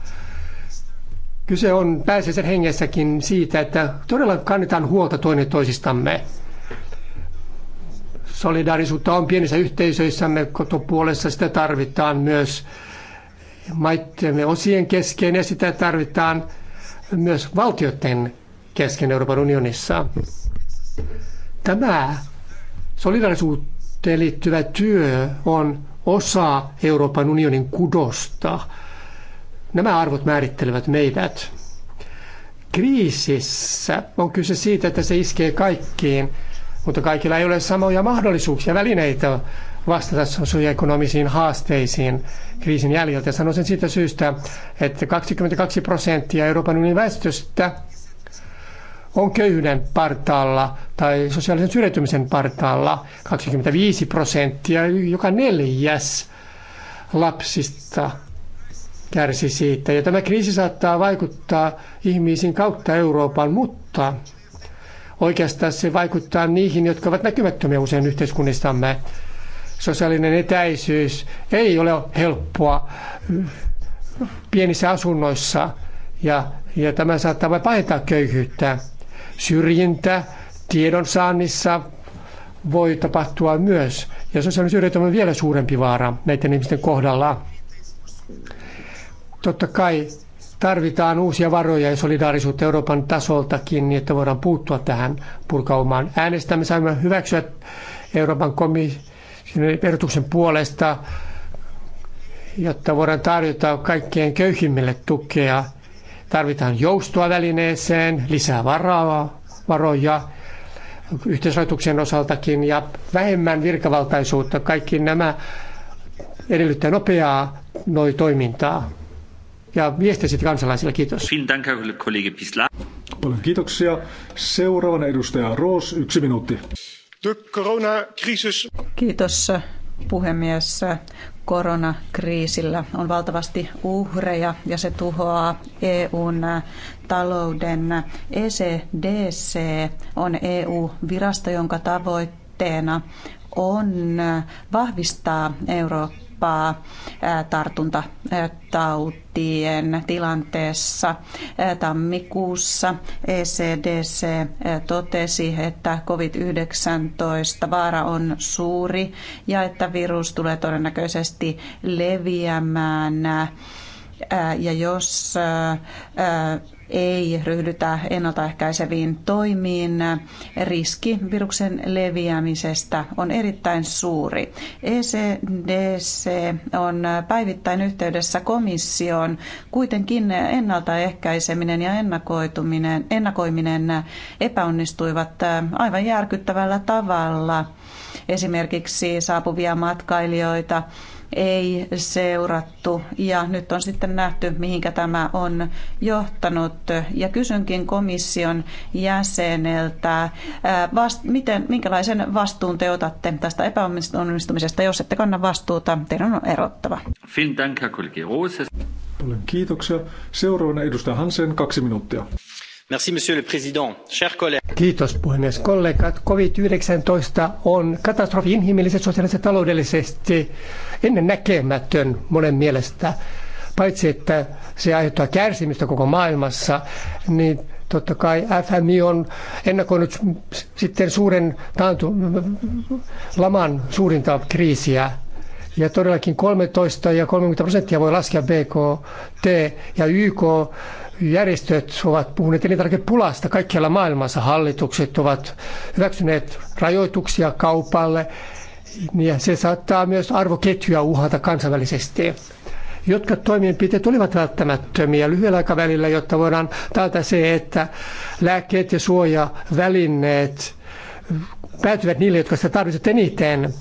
Kyse on pääsiäisen hengessäkin siitä, että todella kannetaan huolta toinen toisistamme – solidaarisuutta on pienissä yhteisöissämme, kotopuolessa sitä tarvitaan myös maittemme osien kesken ja sitä tarvitaan myös valtioiden kesken Euroopan unionissa. Tämä solidaarisuuteen liittyvä työ on osa Euroopan unionin kudosta. Nämä arvot määrittelevät meidät. Kriisissä on kyse siitä, että se iskee kaikkiin mutta kaikilla ei ole samoja mahdollisuuksia, välineitä vastata sosioekonomisiin haasteisiin kriisin jäljiltä. Sanon sen siitä syystä, että 22 prosenttia Euroopan unionin väestöstä on köyhyyden partaalla tai sosiaalisen syrjäytymisen partaalla. 25 prosenttia, joka neljäs lapsista kärsi siitä. Ja tämä kriisi saattaa vaikuttaa ihmisiin kautta Euroopan, mutta Oikeastaan se vaikuttaa niihin, jotka ovat näkymättömiä usein yhteiskunnistamme. Sosiaalinen etäisyys ei ole helppoa mm, pienissä asunnoissa ja, ja tämä saattaa vain pahentaa köyhyyttä. Syrjintä tiedonsaannissa voi tapahtua myös ja sosiaalinen syrjintä on vielä suurempi vaara näiden ihmisten kohdalla. Totta kai tarvitaan uusia varoja ja solidaarisuutta Euroopan tasoltakin, niin että voidaan puuttua tähän purkaumaan. Äänestämme saimme hyväksyä Euroopan komission ehdotuksen puolesta, jotta voidaan tarjota kaikkien köyhimmille tukea. Tarvitaan joustoa välineeseen, lisää varaa, varoja yhteisrahoituksen osaltakin ja vähemmän virkavaltaisuutta. Kaikki nämä edellyttää nopeaa noi toimintaa ja viestiä sitten kansalaisille. Kiitos. Paljon kiitoksia. Seuraavana edustaja Roos, yksi minuutti. Kiitos puhemies. Koronakriisillä on valtavasti uhreja ja se tuhoaa EUn talouden. ECDC on EU-virasto, jonka tavoitteena on vahvistaa Eurooppaa tarkempaa tartuntatautien tilanteessa. Tammikuussa ECDC totesi, että COVID-19 vaara on suuri ja että virus tulee todennäköisesti leviämään ja jos ei ryhdytä ennaltaehkäiseviin toimiin, riski viruksen leviämisestä on erittäin suuri. ECDC on päivittäin yhteydessä komissioon. Kuitenkin ennaltaehkäiseminen ja ennakoituminen, ennakoiminen epäonnistuivat aivan järkyttävällä tavalla. Esimerkiksi saapuvia matkailijoita ei seurattu ja nyt on sitten nähty, mihinkä tämä on johtanut. Ja kysynkin komission jäseneltä, äh, vast, miten, minkälaisen vastuun te otatte tästä epäonnistumisesta, jos ette kanna vastuuta, teidän on erottava. kiitoksia. Seuraavana edustaja Hansen, kaksi minuuttia monsieur le président. Chers collègues. Kiitos puhemies. Kollegat, COVID-19 on katastrofi inhimillisesti, sosiaalisesti ja taloudellisesti ennen näkemätön monen mielestä. Paitsi että se aiheuttaa kärsimystä koko maailmassa, niin totta kai FMI on ennakoinut sitten suuren taantu, laman suurinta kriisiä. Ja todellakin 13 ja 30 prosenttia voi laskea BKT ja YK järjestöt ovat puhuneet elintarvikepulasta kaikkialla maailmassa. Hallitukset ovat hyväksyneet rajoituksia kaupalle ja se saattaa myös arvoketjuja uhata kansainvälisesti. Jotka toimenpiteet olivat välttämättömiä lyhyellä aikavälillä, jotta voidaan taata se, että lääkkeet ja suojavälineet päätyvät niille, jotka sitä tarvitsevat eniten,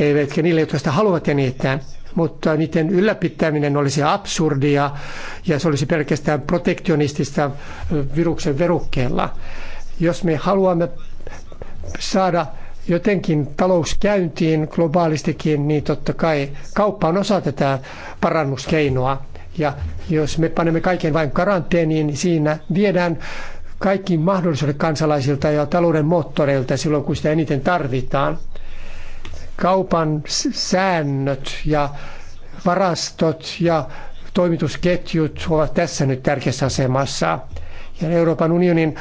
eivätkä niille, jotka sitä haluavat eniten mutta niiden ylläpitäminen olisi absurdia ja se olisi pelkästään protektionistista viruksen verukkeella. Jos me haluamme saada jotenkin talous käyntiin globaalistikin, niin totta kai kauppa on osa tätä parannuskeinoa. Ja jos me panemme kaiken vain karanteeniin, niin siinä viedään kaikki mahdollisuudet kansalaisilta ja talouden moottoreilta silloin, kun sitä eniten tarvitaan kaupan säännöt ja varastot ja toimitusketjut ovat tässä nyt tärkeässä asemassa. Ja Euroopan unionin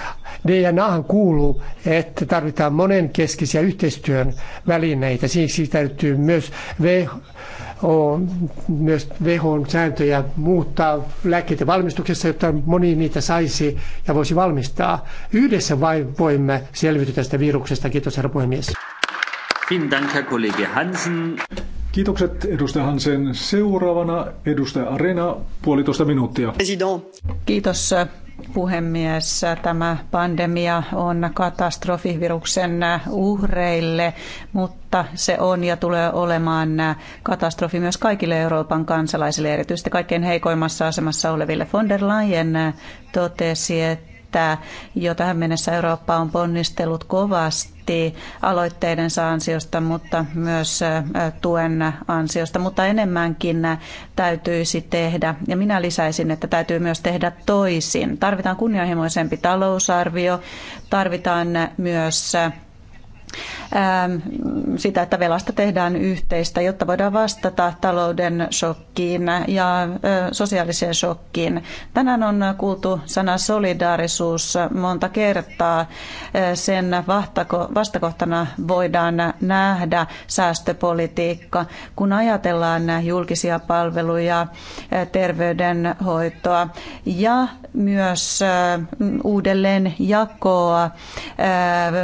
DNAhan kuuluu, että tarvitaan monenkeskisiä yhteistyön välineitä. Siksi täytyy myös WHO, myös WHOn sääntöjä muuttaa lääkkeiden valmistuksessa, jotta moni niitä saisi ja voisi valmistaa. Yhdessä vain voimme selviytyä tästä viruksesta. Kiitos herra puhemies. Kiitokset edustaja Hansen. Seuraavana edustaja Arena, puolitoista minuuttia. Kiitos puhemies. Tämä pandemia on katastrofi viruksen uhreille, mutta se on ja tulee olemaan katastrofi myös kaikille Euroopan kansalaisille, erityisesti kaikkein heikoimmassa asemassa oleville. Von der Leyen totesi, että kiittää. Jo tähän mennessä Eurooppa on ponnistellut kovasti aloitteidensa ansiosta, mutta myös tuen ansiosta, mutta enemmänkin täytyisi tehdä. Ja minä lisäisin, että täytyy myös tehdä toisin. Tarvitaan kunnianhimoisempi talousarvio, tarvitaan myös Ähm, sitä, että velasta tehdään yhteistä, jotta voidaan vastata talouden shokkiin ja sosiaaliseen shokkiin. Tänään on kuultu sana solidaarisuus monta kertaa. Sen vastakohtana voidaan nähdä säästöpolitiikka. Kun ajatellaan julkisia palveluja, terveydenhoitoa ja myös uudelleen jakoa,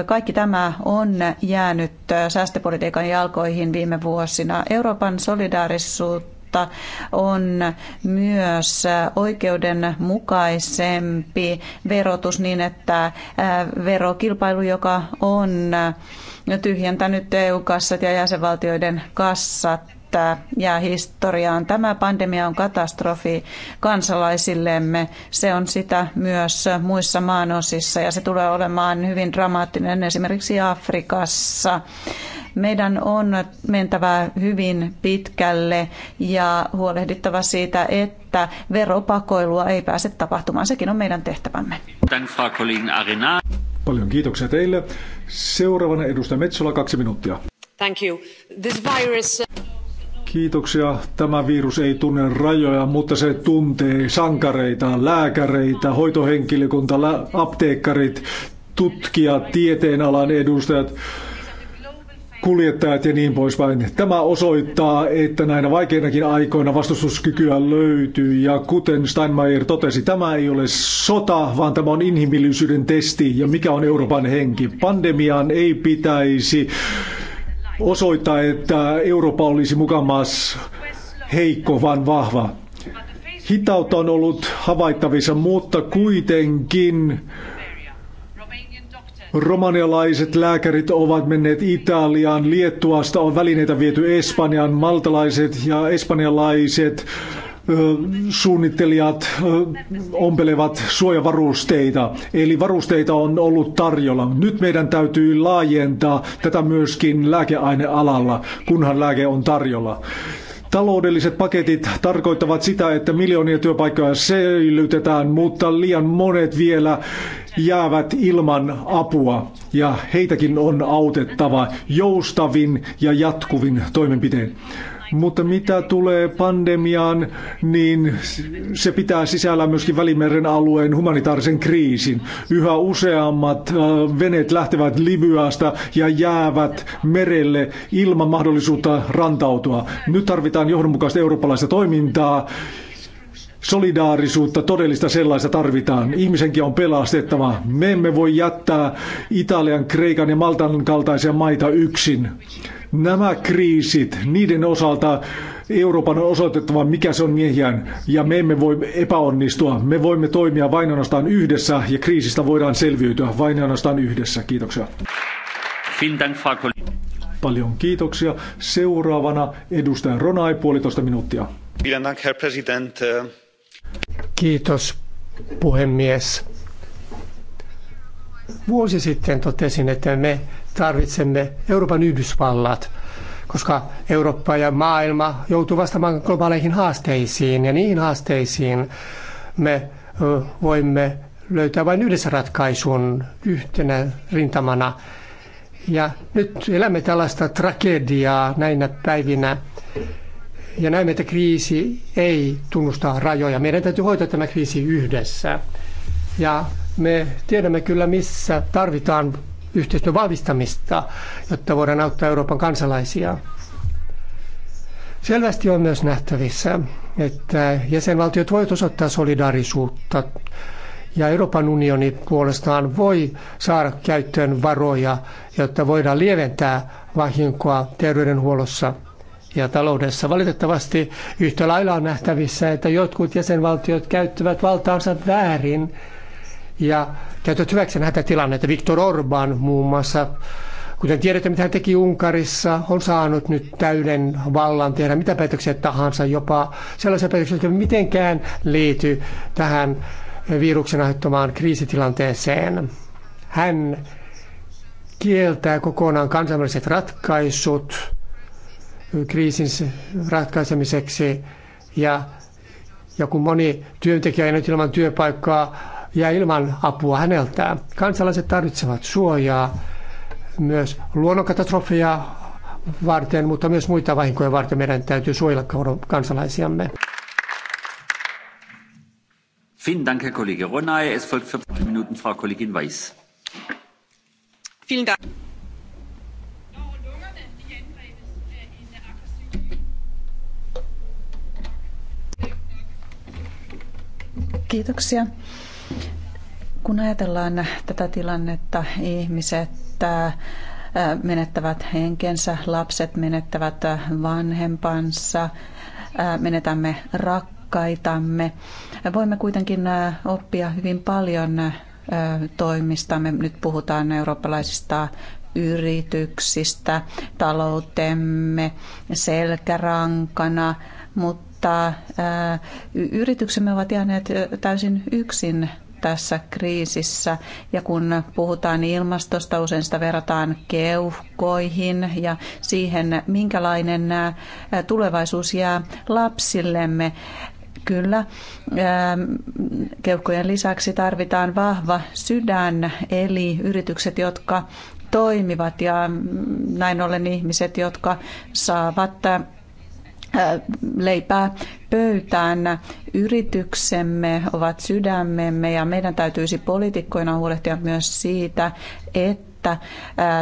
kaikki tämä on on jäänyt äh, säästöpolitiikan jalkoihin viime vuosina. Euroopan solidaarisuutta on myös äh, oikeudenmukaisempi verotus niin, että äh, verokilpailu, joka on tyhjentänyt EU-kassat ja jäsenvaltioiden kassat, välttää, jää historiaan. Tämä pandemia on katastrofi kansalaisillemme. Se on sitä myös muissa maanosissa ja se tulee olemaan hyvin dramaattinen esimerkiksi Afrikassa meidän on mentävä hyvin pitkälle ja huolehdittava siitä, että veropakoilua ei pääse tapahtumaan. Sekin on meidän tehtävämme. Paljon kiitoksia teille. Seuraavana edustaja Metsola, kaksi minuuttia. Thank you. This virus... Kiitoksia. Tämä virus ei tunne rajoja, mutta se tuntee sankareita, lääkäreitä, hoitohenkilökunta, apteekkarit, tutkijat, tieteenalan edustajat, kuljettajat ja niin poispäin. Tämä osoittaa, että näinä vaikeinakin aikoina vastustuskykyä löytyy ja kuten Steinmeier totesi, tämä ei ole sota, vaan tämä on inhimillisyyden testi ja mikä on Euroopan henki. Pandemiaan ei pitäisi osoittaa, että Eurooppa olisi mukamas heikko, vaan vahva. Hitautta on ollut havaittavissa, mutta kuitenkin romanialaiset lääkärit ovat menneet Italiaan, Liettuasta on välineitä viety Espanjaan, maltalaiset ja espanjalaiset suunnittelijat ompelevat suojavarusteita. Eli varusteita on ollut tarjolla. Nyt meidän täytyy laajentaa tätä myöskin lääkeainealalla, kunhan lääke on tarjolla. Taloudelliset paketit tarkoittavat sitä, että miljoonia työpaikkoja säilytetään, mutta liian monet vielä jäävät ilman apua ja heitäkin on autettava joustavin ja jatkuvin toimenpitein. Mutta mitä tulee pandemiaan, niin se pitää sisällä myöskin Välimeren alueen humanitaarisen kriisin. Yhä useammat äh, veneet lähtevät Libyasta ja jäävät merelle ilman mahdollisuutta rantautua. Nyt tarvitaan johdonmukaista eurooppalaista toimintaa solidaarisuutta, todellista sellaista tarvitaan. Ihmisenkin on pelastettava. Me emme voi jättää Italian, Kreikan ja Maltan kaltaisia maita yksin. Nämä kriisit, niiden osalta Euroopan on osoitettava, mikä se on miehiään, ja me emme voi epäonnistua. Me voimme toimia vain ainoastaan yhdessä, ja kriisistä voidaan selviytyä vain ainoastaan yhdessä. Kiitoksia. Paljon kiitoksia. Seuraavana edustaja Ronai, puolitoista minuuttia. Kiitos, puhemies. Vuosi sitten totesin, että me tarvitsemme Euroopan Yhdysvallat, koska Eurooppa ja maailma joutuu vastaamaan globaaleihin haasteisiin ja niihin haasteisiin me voimme löytää vain yhdessä ratkaisun yhtenä rintamana. Ja nyt elämme tällaista tragediaa näinä päivinä ja näemme, että kriisi ei tunnusta rajoja. Meidän täytyy hoitaa tämä kriisi yhdessä. Ja me tiedämme kyllä, missä tarvitaan yhteistyön vahvistamista, jotta voidaan auttaa Euroopan kansalaisia. Selvästi on myös nähtävissä, että jäsenvaltiot voivat osoittaa solidaarisuutta ja Euroopan unioni puolestaan voi saada käyttöön varoja, jotta voidaan lieventää vahinkoa terveydenhuollossa ja taloudessa. Valitettavasti yhtä lailla on nähtävissä, että jotkut jäsenvaltiot käyttävät valtaansa väärin ja käyttävät hyväkseen hätätilannetta. Viktor Orban muun muassa, kuten tiedätte mitä hän teki Unkarissa, on saanut nyt täyden vallan tehdä mitä päätöksiä tahansa, jopa sellaisia päätöksiä, jotka mitenkään liity tähän viruksen aiheuttamaan kriisitilanteeseen. Hän kieltää kokonaan kansainväliset ratkaisut kriisin ratkaisemiseksi ja ja kun moni työntekijä ei nyt ilman työpaikkaa jää ilman apua häneltä. Kansalaiset tarvitsevat suojaa myös luonnonkatastrofeja varten, mutta myös muita vahinkoja varten meidän täytyy suojella kansalaisiamme. Vielen Dank, Herr Kollege Ronay. Es folgt 15 Minuten Frau Kollegin Vielen Dank. Kiitoksia. Kun ajatellaan tätä tilannetta, ihmiset äh, menettävät henkensä, lapset menettävät äh, vanhempansa, äh, menetämme rakkaitamme. Voimme kuitenkin oppia hyvin paljon toimistamme. Nyt puhutaan eurooppalaisista yrityksistä, taloutemme selkärankana, mutta yrityksemme ovat jääneet täysin yksin tässä kriisissä. Ja kun puhutaan ilmastosta, usein sitä verrataan keuhkoihin ja siihen, minkälainen tulevaisuus jää lapsillemme. Kyllä. Keuhkojen lisäksi tarvitaan vahva sydän, eli yritykset, jotka toimivat ja mm, näin ollen ihmiset, jotka saavat leipää pöytään. Yrityksemme ovat sydämemme ja meidän täytyisi poliitikkoina huolehtia myös siitä, että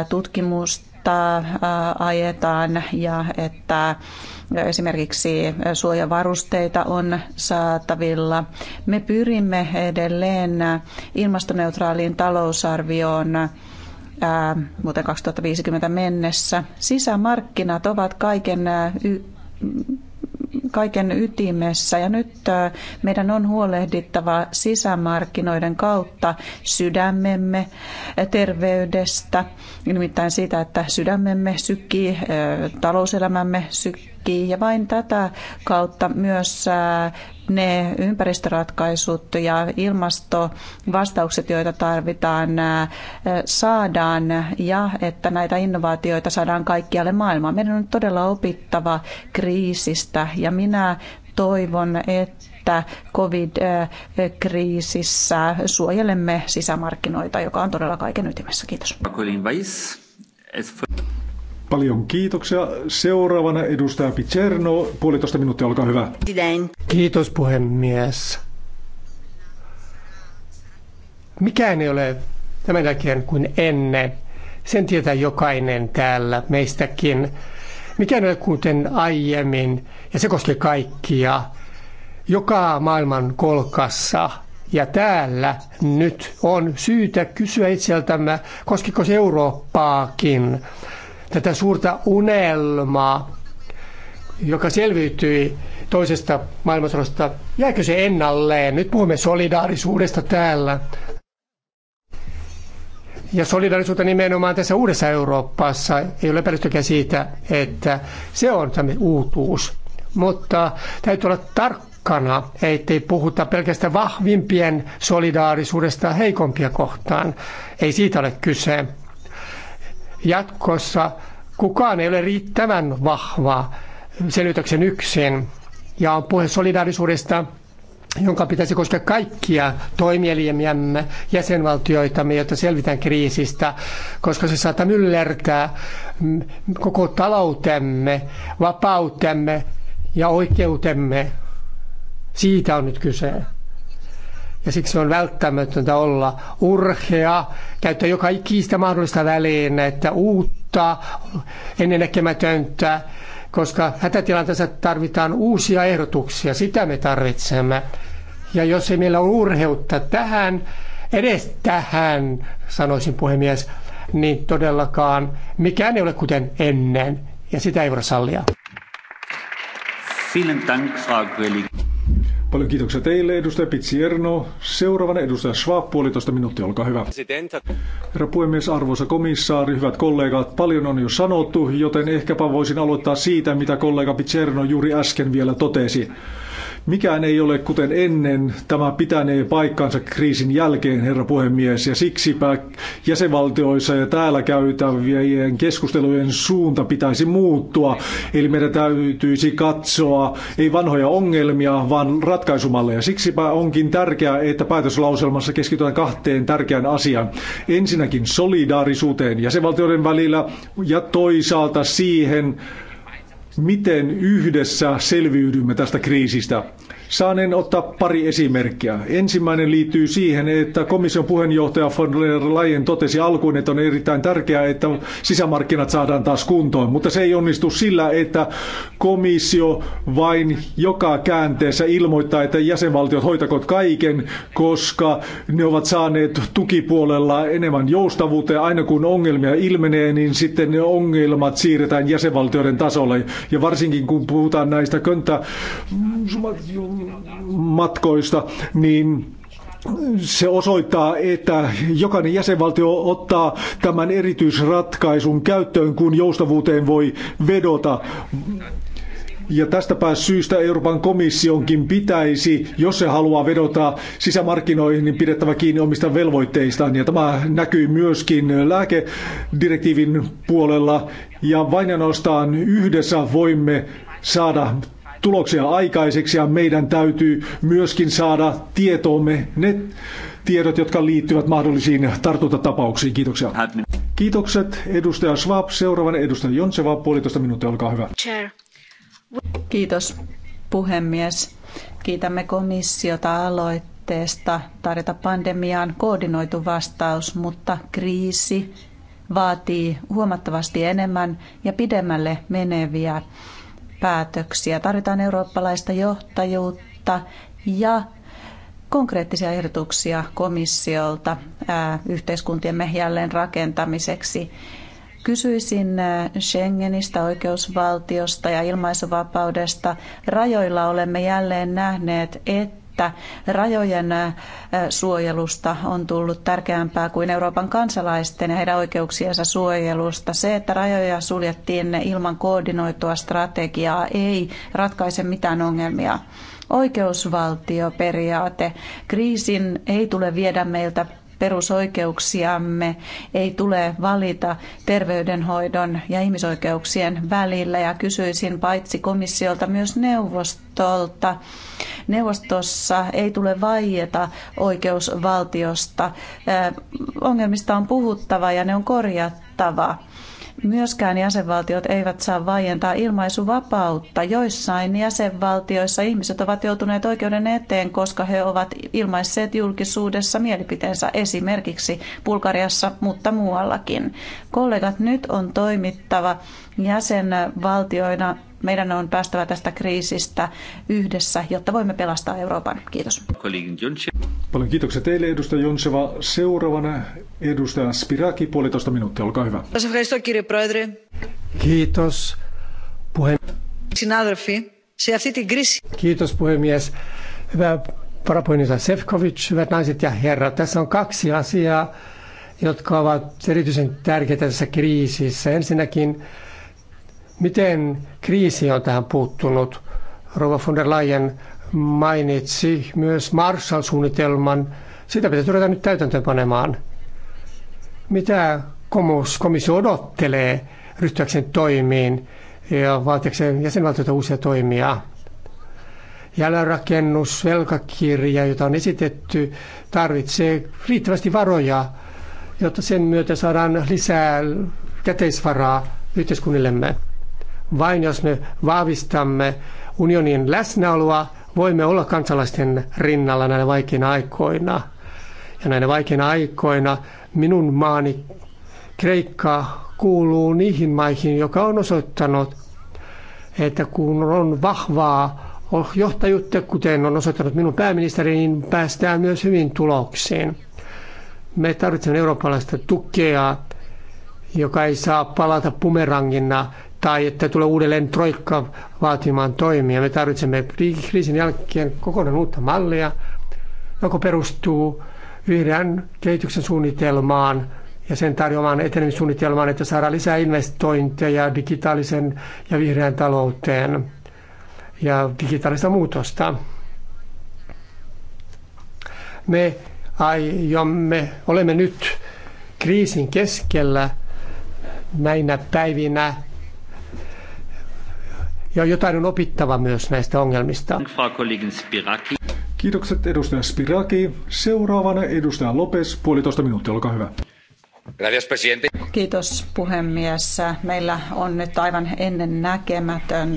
tutkimusta ajetaan ja että esimerkiksi suojavarusteita on saatavilla. Me pyrimme edelleen ilmastoneutraaliin talousarvioon vuoteen 2050 mennessä. Sisämarkkinat ovat kaiken kaiken ytimessä ja nyt meidän on huolehdittava sisämarkkinoiden kautta sydämemme terveydestä, nimittäin siitä, että sydämemme sykkii, talouselämämme sykkii ja vain tätä kautta myös ne ympäristöratkaisut ja ilmastovastaukset, joita tarvitaan, saadaan ja että näitä innovaatioita saadaan kaikkialle maailmaan. Meidän on todella opittava kriisistä ja minä toivon, että covid-kriisissä suojelemme sisämarkkinoita, joka on todella kaiken ytimessä. Kiitos. Paljon kiitoksia. Seuraavana edustaja Picerno, puolitoista minuuttia, olkaa hyvä. Kiitos puhemies. Mikään ei ole tämän jälkeen kuin ennen. Sen tietää jokainen täällä meistäkin. Mikään ei ole kuten aiemmin, ja se koskee kaikkia. Joka maailman kolkassa ja täällä nyt on syytä kysyä itseltämme, koskiko se Eurooppaakin tätä suurta unelmaa, joka selviytyi toisesta maailmansodasta, jääkö se ennalleen? Nyt puhumme solidaarisuudesta täällä. Ja solidaarisuutta nimenomaan tässä uudessa Euroopassa. Ei ole epäilystäkään siitä, että se on tämä uutuus. Mutta täytyy olla tarkkana, ettei puhuta pelkästään vahvimpien solidaarisuudesta heikompia kohtaan. Ei siitä ole kyse jatkossa kukaan ei ole riittävän vahva selvityksen yksin. Ja on puhe solidaarisuudesta, jonka pitäisi koskea kaikkia toimielimiämme, jäsenvaltioitamme, jotta selvitään kriisistä, koska se saattaa myllertää koko taloutemme, vapautemme ja oikeutemme. Siitä on nyt kyse ja siksi on välttämätöntä olla urhea, käyttää joka ikistä mahdollista että uutta, ennennäkemätöntä, koska hätätilanteessa tarvitaan uusia ehdotuksia, sitä me tarvitsemme. Ja jos ei meillä ole urheutta tähän, edes tähän, sanoisin puhemies, niin todellakaan mikään ei ole kuten ennen, ja sitä ei voida sallia. Vielen Dank, Frau Paljon kiitoksia teille, edustaja Pizzierno. Seuraavana edustaja Schwab, puolitoista minuuttia, olkaa hyvä. Herra puhemies, arvoisa komissaari, hyvät kollegat, paljon on jo sanottu, joten ehkäpä voisin aloittaa siitä, mitä kollega Pizzierno juuri äsken vielä totesi. Mikään ei ole kuten ennen. Tämä pitänee paikkansa kriisin jälkeen, herra puhemies, ja siksipä jäsenvaltioissa ja täällä käytävien keskustelujen suunta pitäisi muuttua. Eli meidän täytyisi katsoa ei vanhoja ongelmia, vaan ratkaisumalleja. Siksipä onkin tärkeää, että päätöslauselmassa keskitytään kahteen tärkeään asiaan. Ensinnäkin solidaarisuuteen jäsenvaltioiden välillä ja toisaalta siihen, miten yhdessä selviydymme tästä kriisistä. Saanen ottaa pari esimerkkiä. Ensimmäinen liittyy siihen, että komission puheenjohtaja von der Leyen totesi alkuun, että on erittäin tärkeää, että sisämarkkinat saadaan taas kuntoon. Mutta se ei onnistu sillä, että komissio vain joka käänteessä ilmoittaa, että jäsenvaltiot hoitakot kaiken, koska ne ovat saaneet tukipuolella enemmän joustavuutta ja aina kun ongelmia ilmenee, niin sitten ne ongelmat siirretään jäsenvaltioiden tasolle. Ja varsinkin kun puhutaan näistä könttä matkoista, niin se osoittaa, että jokainen jäsenvaltio ottaa tämän erityisratkaisun käyttöön, kun joustavuuteen voi vedota. Ja tästäpä syystä Euroopan komissionkin pitäisi, jos se haluaa vedota sisämarkkinoihin, niin pidettävä kiinni omista velvoitteistaan. Ja tämä näkyy myöskin lääkedirektiivin puolella. Ja vain ja yhdessä voimme saada tuloksia aikaiseksi ja meidän täytyy myöskin saada tietoomme ne tiedot, jotka liittyvät mahdollisiin tartuntatapauksiin. Kiitoksia. Kiitokset edustaja Schwab. Seuraavan edustaja Jonseva, puolitoista minuuttia, olkaa hyvä. Chair. Kiitos puhemies. Kiitämme komissiota aloitteesta tarjota pandemiaan koordinoitu vastaus, mutta kriisi vaatii huomattavasti enemmän ja pidemmälle meneviä päätöksiä. Tarvitaan eurooppalaista johtajuutta ja konkreettisia ehdotuksia komissiolta yhteiskuntiemme jälleen rakentamiseksi. Kysyisin Schengenistä, oikeusvaltiosta ja ilmaisuvapaudesta. Rajoilla olemme jälleen nähneet, että että rajojen äh, suojelusta on tullut tärkeämpää kuin Euroopan kansalaisten ja heidän oikeuksiensa suojelusta. Se, että rajoja suljettiin ilman koordinoitua strategiaa, ei ratkaise mitään ongelmia. Oikeusvaltioperiaate. Kriisin ei tule viedä meiltä perusoikeuksiamme ei tule valita terveydenhoidon ja ihmisoikeuksien välillä. Ja kysyisin paitsi komissiolta myös neuvostolta. Neuvostossa ei tule vaieta oikeusvaltiosta. Ongelmista on puhuttava ja ne on korjattava Myöskään jäsenvaltiot eivät saa vaientaa ilmaisuvapautta. Joissain jäsenvaltioissa ihmiset ovat joutuneet oikeuden eteen, koska he ovat ilmaisseet julkisuudessa mielipiteensä esimerkiksi Bulgariassa, mutta muuallakin. Kollegat, nyt on toimittava jäsenvaltioina meidän on päästävä tästä kriisistä yhdessä, jotta voimme pelastaa Euroopan. Kiitos. Paljon kiitoksia teille, edustaja Jonseva. Seuraavana edustaja Spiraki, puolitoista minuuttia, olkaa hyvä. Kiitos, puhemies. Kiitos, puhemies. Hyvä varapuheenjohtaja Sefkovic, hyvät naiset ja herrat. Tässä on kaksi asiaa, jotka ovat erityisen tärkeitä tässä kriisissä. Ensinnäkin Miten kriisi on tähän puuttunut? Rova von der Leyen mainitsi myös Marshall-suunnitelman. Sitä pitäisi ruveta nyt täytäntöönpanemaan. Mitä komissio odottelee ryhtyäkseen toimiin ja vaatiakseen jäsenvaltioita uusia toimia? Jälleenrakennus, velkakirja, jota on esitetty, tarvitsee riittävästi varoja, jotta sen myötä saadaan lisää käteisvaraa yhteiskunnillemme. Vain jos me vahvistamme unionin läsnäoloa, voimme olla kansalaisten rinnalla näinä vaikeina aikoina. Ja näinä vaikeina aikoina minun maani Kreikka kuuluu niihin maihin, joka on osoittanut, että kun on vahvaa johtajuutta, kuten on osoittanut minun pääministeri, niin päästään myös hyvin tuloksiin. Me tarvitsemme eurooppalaista tukea, joka ei saa palata pumerangina tai että tulee uudelleen troikka vaatimaan toimia. Me tarvitsemme kriisin jälkeen kokonaan uutta mallia, joka perustuu vihreän kehityksen suunnitelmaan ja sen tarjoamaan etenemissuunnitelmaan, että saadaan lisää investointeja digitaalisen ja vihreän talouteen ja digitaalista muutosta. Me aiomme, olemme nyt kriisin keskellä näinä päivinä ja jotain on opittava myös näistä ongelmista. Kiitokset edustaja Spiraki. Seuraavana edustaja Lopes, puolitoista minuuttia, olkaa hyvä. Kiitos puhemies. Meillä on nyt aivan ennen näkemätön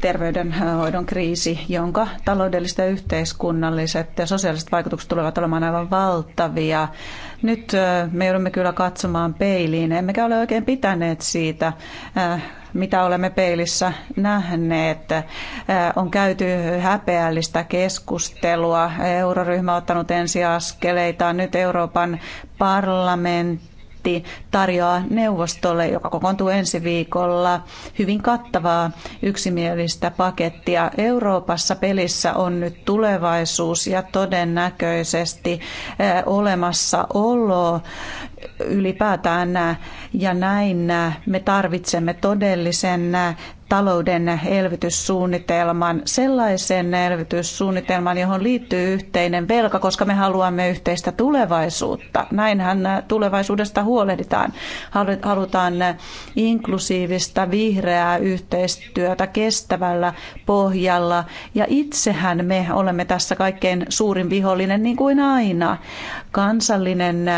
terveydenhoidon kriisi, jonka taloudelliset ja yhteiskunnalliset ja sosiaaliset vaikutukset tulevat olemaan aivan valtavia. Nyt me joudumme kyllä katsomaan peiliin, emmekä ole oikein pitäneet siitä mitä olemme peilissä nähneet. Äh, on käyty häpeällistä keskustelua. Euroryhmä on ottanut ensiaskeleitaan. Nyt Euroopan parlamentti tarjoaa neuvostolle, joka kokoontuu ensi viikolla, hyvin kattavaa yksimielistä pakettia. Euroopassa pelissä on nyt tulevaisuus ja todennäköisesti äh, olemassaolo ylipäätään ja näin me tarvitsemme todellisen talouden elvytyssuunnitelman, sellaisen elvytyssuunnitelman, johon liittyy yhteinen velka, koska me haluamme yhteistä tulevaisuutta. Näinhän tulevaisuudesta huolehditaan. Halutaan inklusiivista vihreää yhteistyötä kestävällä pohjalla. Ja itsehän me olemme tässä kaikkein suurin vihollinen niin kuin aina. Kansallinen